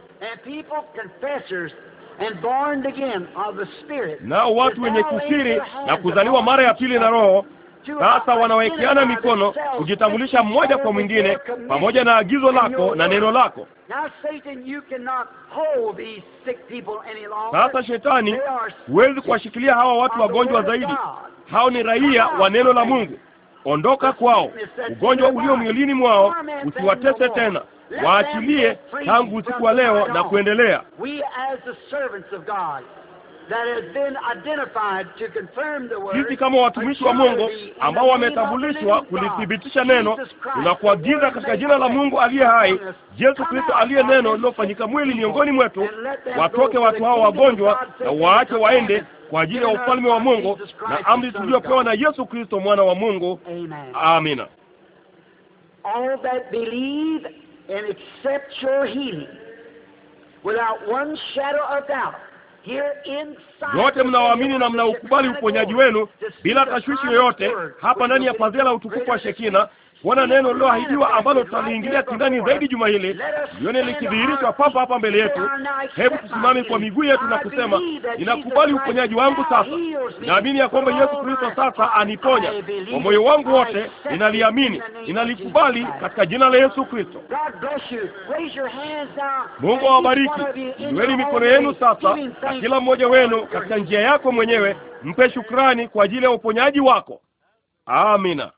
nao watu wenye kusiri na kuzaliwa mara ya pili na Roho sasa wanawekeana mikono kujitambulisha mmoja kwa mwingine, pamoja na agizo lako na neno lako. Sasa Shetani, huwezi kuwashikilia hawa watu wagonjwa zaidi. Hao ni raia wa neno la Mungu. Ondoka kwao, ugonjwa ulio mwilini mwao usiwatese tena, waachilie tangu usiku wa leo na kuendelea sisi kama watumishi wa Mungu ambao wametambulishwa kulithibitisha neno, tunakuagiza katika jina la Mungu aliye hai, Yesu Kristo aliye neno lilofanyika mwili miongoni mwetu, watoke watu hao wagonjwa na waache waende kwa ajili ya ufalme wa Mungu na amri tuliyopewa na Yesu Kristo mwana wa Mungu. Amina. Yote mnaoamini na mnaukubali uponyaji wenu bila tashwishi yoyote, hapa ndani ya pazia la utukufu wa Shekina Bwana, neno liloahidiwa ambalo tutaliingilia kindani zaidi juma hili, lione likidhihirishwa papa hapa mbele yetu. Hebu tusimame kwa miguu yetu na kusema, ninakubali uponyaji wangu sasa. Naamini ya kwamba Yesu oh, Kristo sasa aniponya kwa moyo wangu wote, ninaliamini, ninalikubali katika jina la Yesu Kristo. Mungu awabariki. Inueni mikono yenu sasa, na kila mmoja wenu katika njia yako mwenyewe mpe shukrani kwa ajili ya uponyaji wako. Amina.